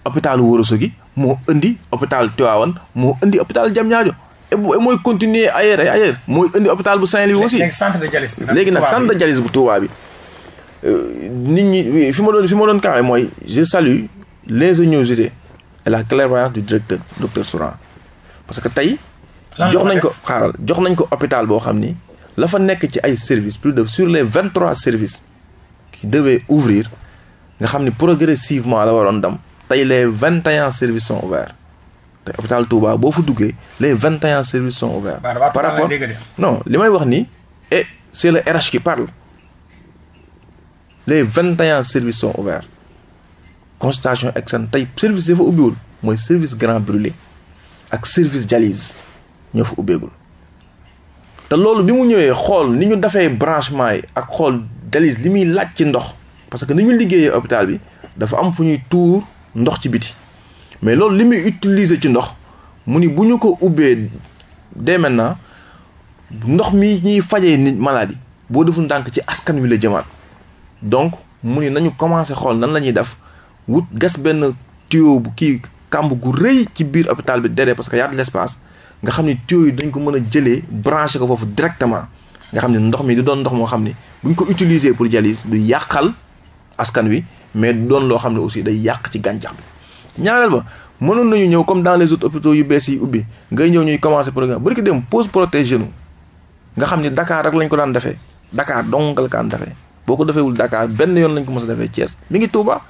hôpital Ourossogui moo indi hôpital Tivaouane moo indi hôpital Diamniadio et mooy continuer ailleurs et ailleurs mooy indi hôpital bu Saint-Louis aussi léegi léegi nag centre de dialyse bu Touba bi euh, nit ñi fi ma doon fi ma doon kawe mooy je salue l'ingéniosité et la clairvoyance du directeur docteur Souran parce que tey ah, jox nañ ko xaaral jox nañ ko hôpital boo xam ni la fa nekk ci ay services plus de sur les vingt trois services qui devaient ouvrir nga xam ni progressivement la waroon dem tey les vingt et un services sont ouverts tey hôpital Touba boo fa duggee les vingt et un services sont ouverts par rapport non li may wax nii et c'est le RH qui parle les vingt et un services sont ouverts constatation externe tey service dafa ubbiwul mooy service grand brûlé ak service dialyse ñoo fa ubbeegul te loolu bi mu ñëwee xool ni ñu defee branchement yi ak xool dialyse li muy laaj ci ndox parce que ni ñu liggéeyee hôpital bi dafa am fu ñuy tuur ndox ci biti mais loolu li muy utiliser ci ndox mu ni bu ñu ko ubbee dès maintenant ndox mi ñuy fajee nit maladie boo deful ndànk ci askan wi la jëmaat donc mu ni nañu commencé xool nan la ñuy def wut gas benn tuyau bu kii kàmb gu rëy ci biir hôpital bi dere parce que y a de l'espace nga xam ni tuyau yi dañ ko mën a jëlee branché ko foofu directement nga xam ne ndox mi du doon ndox moo xam ni buñ ko utiliser pour dialyse du yàqal askan wi mais du doon loo xam ne aussi day yàq ci gàncax bi ñaareel ba mënoon nañu ñëw comme dans les autres hôpitaux yu bees yi ubbi ngay ñëw ñuy commencer programme bu ki dem pose protège nga xam ni dakaar rek lañ ko daan defee Dakar dongal kaan defee boo ko defeewul Dakar benn yoon lañ ko mos a defee Thiès mi ngi Touba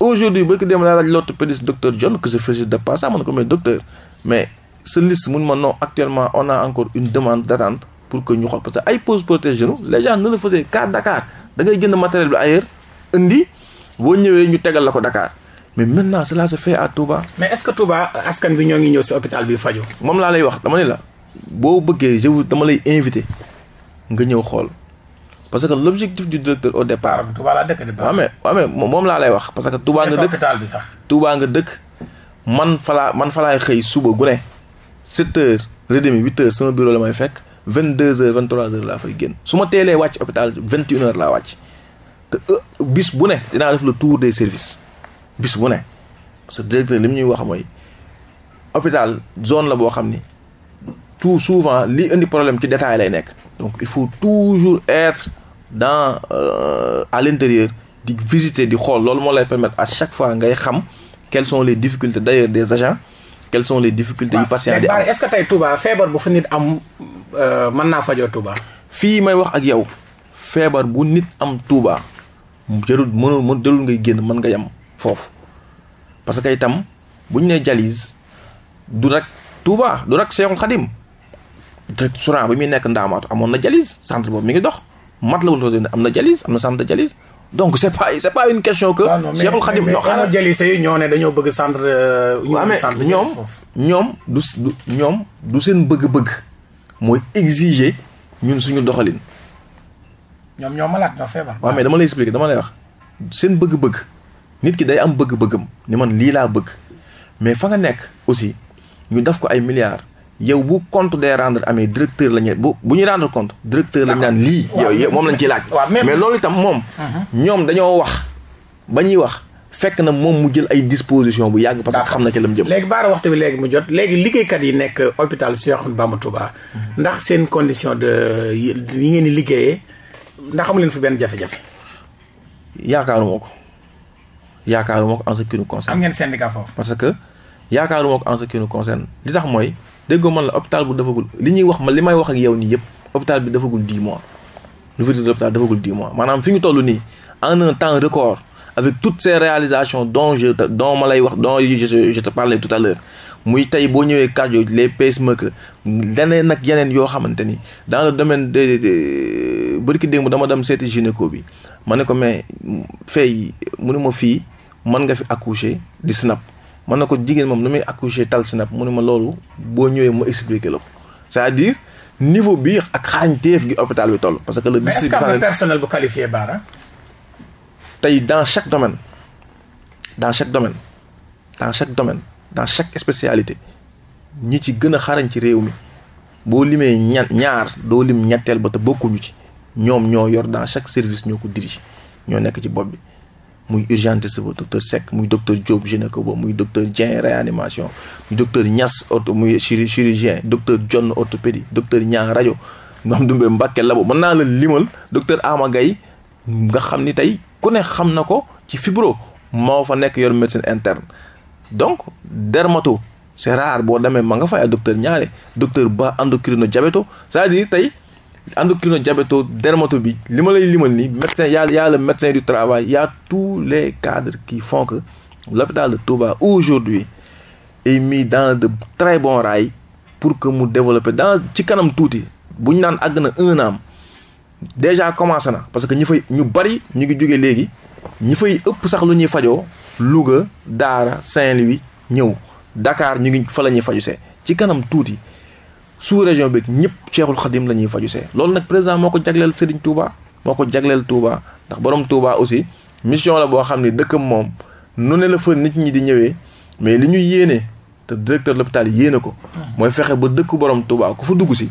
aujourd'hui bëgg dem laa laaj l'orthopédiste docteur John que je félicite de passage man ko mais docteur mais sa liste mun ma non actuellement on a encore une demande d'attente pour que ñu xool parce que ay pose protège genou na gens ne le faisaient qu'à jënd matériel bi ailleurs indi boo ñëwee ñu tegal la ko Dakar mais maintenant cela se fait à Touba. mais est-ce que Touba askan bi ñoo ngi ñëw ci hôpital bi faju moom laa lay wax dama ne la boo bëggee je dama lay invité nga ñëw xool. parce que l' objectif du directeur au départ. Touba laa dëkk de. waaw mais waaw mais moom laa lay nga dëkk bi sax. Touba man falaa man falaa xëy suba gu ne sept heures et demi huit heures sama bureau la may fekk vingt deux heures vingt trois heures laa fay génn su ma teelee wàcc hôpital vingt une laa wàcc te euh, bis bu ne dinaa def le tour des service bis bu ne parce que directeur li mu ñuy wax mooy hôpital zone la boo xam ni. tout souvent li indi problème ci détail lay nekk donc il faut toujours être dans euh, à l'intérieur di visiter di xool loolu moo lay permettre à chaque fois ngay xam quelles sont les difficultés d'ailleurs des agents quelles son les difficultés yu patients di am est-ce que tey Touba feebar bu fa nit am euh, mën naa fajoo Touba fii may wax ak yow feebar bu nit am Touba jarul mënul mën jarul ngay génn mën ngay am foofu parce que itam bu ñu nee jalise du rek Touba du rek Seexul Xadim restaurant bi muy nekk Ndaamaatu amoon na jalise centre boobu mi ngi dox Matlabul Fawzayni am na jalis am na centre de jalis donc c' est pas c' est pas une question que. Ah Cheikhul Khadim ñoo xam ne ñoo ne dañoo bëgg centre. Euh, ñu ñoom ñoom du ñoom du seen bëgg-bëgg mooy exiger ñun suñu doxalin. ñoom ñoo malaat ñoo feebar. waaw mais dama lay expliquer dama lay wax seen bëgg-bëgg nit ki day am bëgg-bëggam ni man lii laa bëgg mais fa nga nekk aussi ñu def ko ay milliards. yow bu compte des rendre amee directeur la ñu bu bu ñu rendre compte directeur la ñu lii yow moom lañ ciy laaj mais loolu itam moom uh-huh. ñoom dañoo wax ba ñuy wax fekk na moom mu jël ay disposition bu yàgg parce que xam na ci lam jëm léegi baara waxtu bi jot léegi liggéeykat yi nekk hôpital Cheikh Ahmadou mm-hmm. ndax seen condition de yi ngeen di liggéeyee ndax amu leen fi benn jafe-jafe yaakaaruma ko yaakaaruma ko en ce qui nous concerne am ngeen syndicat foofu que yaakaaruma ko en ce li tax mooy déggoo man la hôpital bu defagul li ñuy wax ma li may wax ak yow nii yëpp hôpital bi defagul dix mois l'ouverture de l'hôpital defagul dix mois maanaam fi ñu toll nii en un temps record avec tout ces réalisation dont je dont ma lay wax dont je je te parlais tout à l'heure muy tey boo ñëwee cardio les pacemakers leneen nag yeneen yoo xamante ni dans le domaine de bërki démb dama dem seeti gynéco bi ma ne ko mais fay mu ne ma fii mën nga fi accoucher di snap mën na ko jigéen moom nu muy accoucher tal si sinap mu ne ma loolu boo ñëwee mu expliquer la ko c'est-à-dire niveau bi ak xarañteef gi hôpital bi toll. parce que le district mais est-ce que am na personnel tey dans chaque domaine dans chaque domaine dans chaque domaine dans chaque spécialité ñi ci gën a xarañ ci réew mi boo limee ña ñaar doo lim ñetteel ba te bokkuñu ci ñoom ñoo yor dans chaque service ñoo ko dirige ñoo nekk ci bopp bi. muy urgentiste ba docteur Seck muy docteur Diop gynéco ba muy docteur Dieng réanimation muy docteur Niass ortho muy chirurgien docteur John orthopédie docteur Niang rajo Mame Doumbé Mbacké labo mën naa la limal docteur Ama Gaye nga xam ni tey ku ne xam na ko ci fibro moo fa nekk yoon médecine interne donc dermato c'est rare boo demee ma nga fay ak docteur ñaare docteur ba endocrino diabéto c'est-à-dire tey endocrino-diabéto dermato bi li ma lay limal ni médecin y a y a le médecin du travail y a tous les cadres qui font que l'hôpital de Touba aujourd'hui est mis dans de très bons rails pour que mu développer dans ci kanam tuuti bu ñu naan àgg na un an déjà commencé na parce que ñi fay ñu bari ñu ngi jóge léegi ñi fay ëpp sax lu ñuy fajoo Louga Daara Saint-Louis ñëw dakaar ñu ngi fa la ñuy faju see ci kanam tuuti sous région bi ñëpp Cheikhul Khadim la ñuy faju see loolu nag président moo ko jagleel Serigne Touba moo ko jagleel Touba ndax borom Touba aussi mission la boo xam ne dëkkam moom nu ne la fa nit ñi di ñëwee mais li ñu yéene te directeur l'hôpital yéene ko mooy fexe ba dëkk borom Touba ku fa dugg si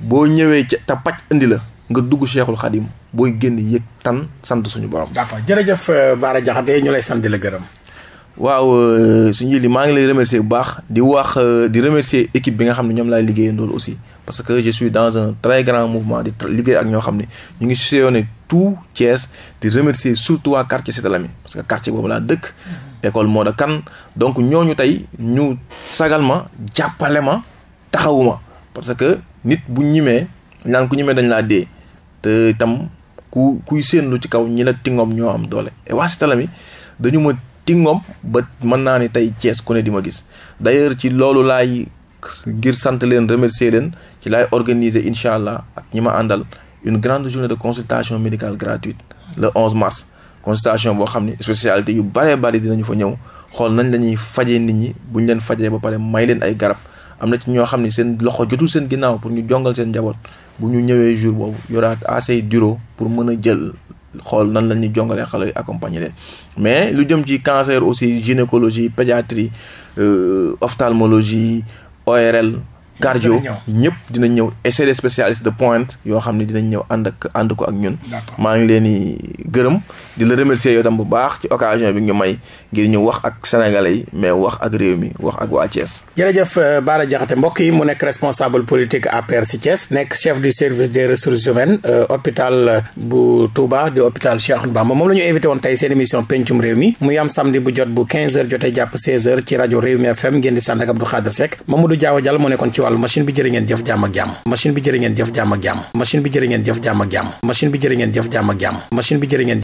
boo ñëwee ca te paj indi la nga dugg Cheikhul Khadim booy génn yëg tan sant suñu borom. d'accord jërëjëf Bara Diakhaté ñu lay sant di la gërëm. waaw euh, suñu jëli maa ngi lay remercier bu baax di wax euh, di remercier équipe bi nga xam ne ñoom laay liggéeyandool aussi parce que je suis dans un très grand mouvement di liggéey ak ñoo xam ne ñu ngi sillonné tout Thiès di remercier surtout waa quartier Cité Lamy parce que quartier boobu laa dëkk école Modou kan donc ñooñu tey ñu sagal ma jàppale ma taxawuma parce que nit bu ñimee naan ku ñimee dañ laa dee te itam ku kuy séenlu ci kaw ñi la tingoom ñoo am doole et moom ba mën naa ni tey Thiès ku ne di ma gis d'ailleurs ci loolu laay ngir sant leen remercier leen ci laay organiser incha allah ak ñi ma àndal une grande journée de consultation médical gratuite le 11 mars consultation boo xam ne spécialité yu bëree bëri dinañu fa ñëw xool nañ lañuy ñuy fajee nit ñi buñ leen fajee ba pare may leen ay garab am na ci ñoo xam ne seen loxo jotul seen ginnaaw pour ñu jongal seen njaboot bu ñu ñëwee jour boobu yoraat assez duro pour mën a jël xool nan la ñuy jongalee xale yi accompagner leen mais lu jëm ci cancer aussi gynécologie pédiatrie euh, ophtalmologie ORL cardio ñëpp dinañ ñëw et c'est des spécialistes de pointe yoo xam ne dinañ ñëw ànd ak ànd ko ak ñun maa ngi leen di gërëm di la remercier yow bu baax ci occasion bi ñu may ngir ñu wax ak sénégalais yi mais wax ak réew mi wax ak waa Thiès jërëjëf euh, Bara mbokk yi mu nekk responsable politique APR si Thiès nekk chef du service des ressources humaines euh, hôpital bu Touba di hôpital Cheikh Ahmadou Bamba moom la ñu invité woon tey seen émission pencum réew mi muy am wàllu machine bi jërë ngeen jëf jàmm ak jàmm machine bi jërë ngeen jëf jàmm ak jàmm machine bi jërë ngeen jëf jàmm ak jàmm machine bi jërë ngeen jëf jàmm ak jàmm machine bi jërë ngeen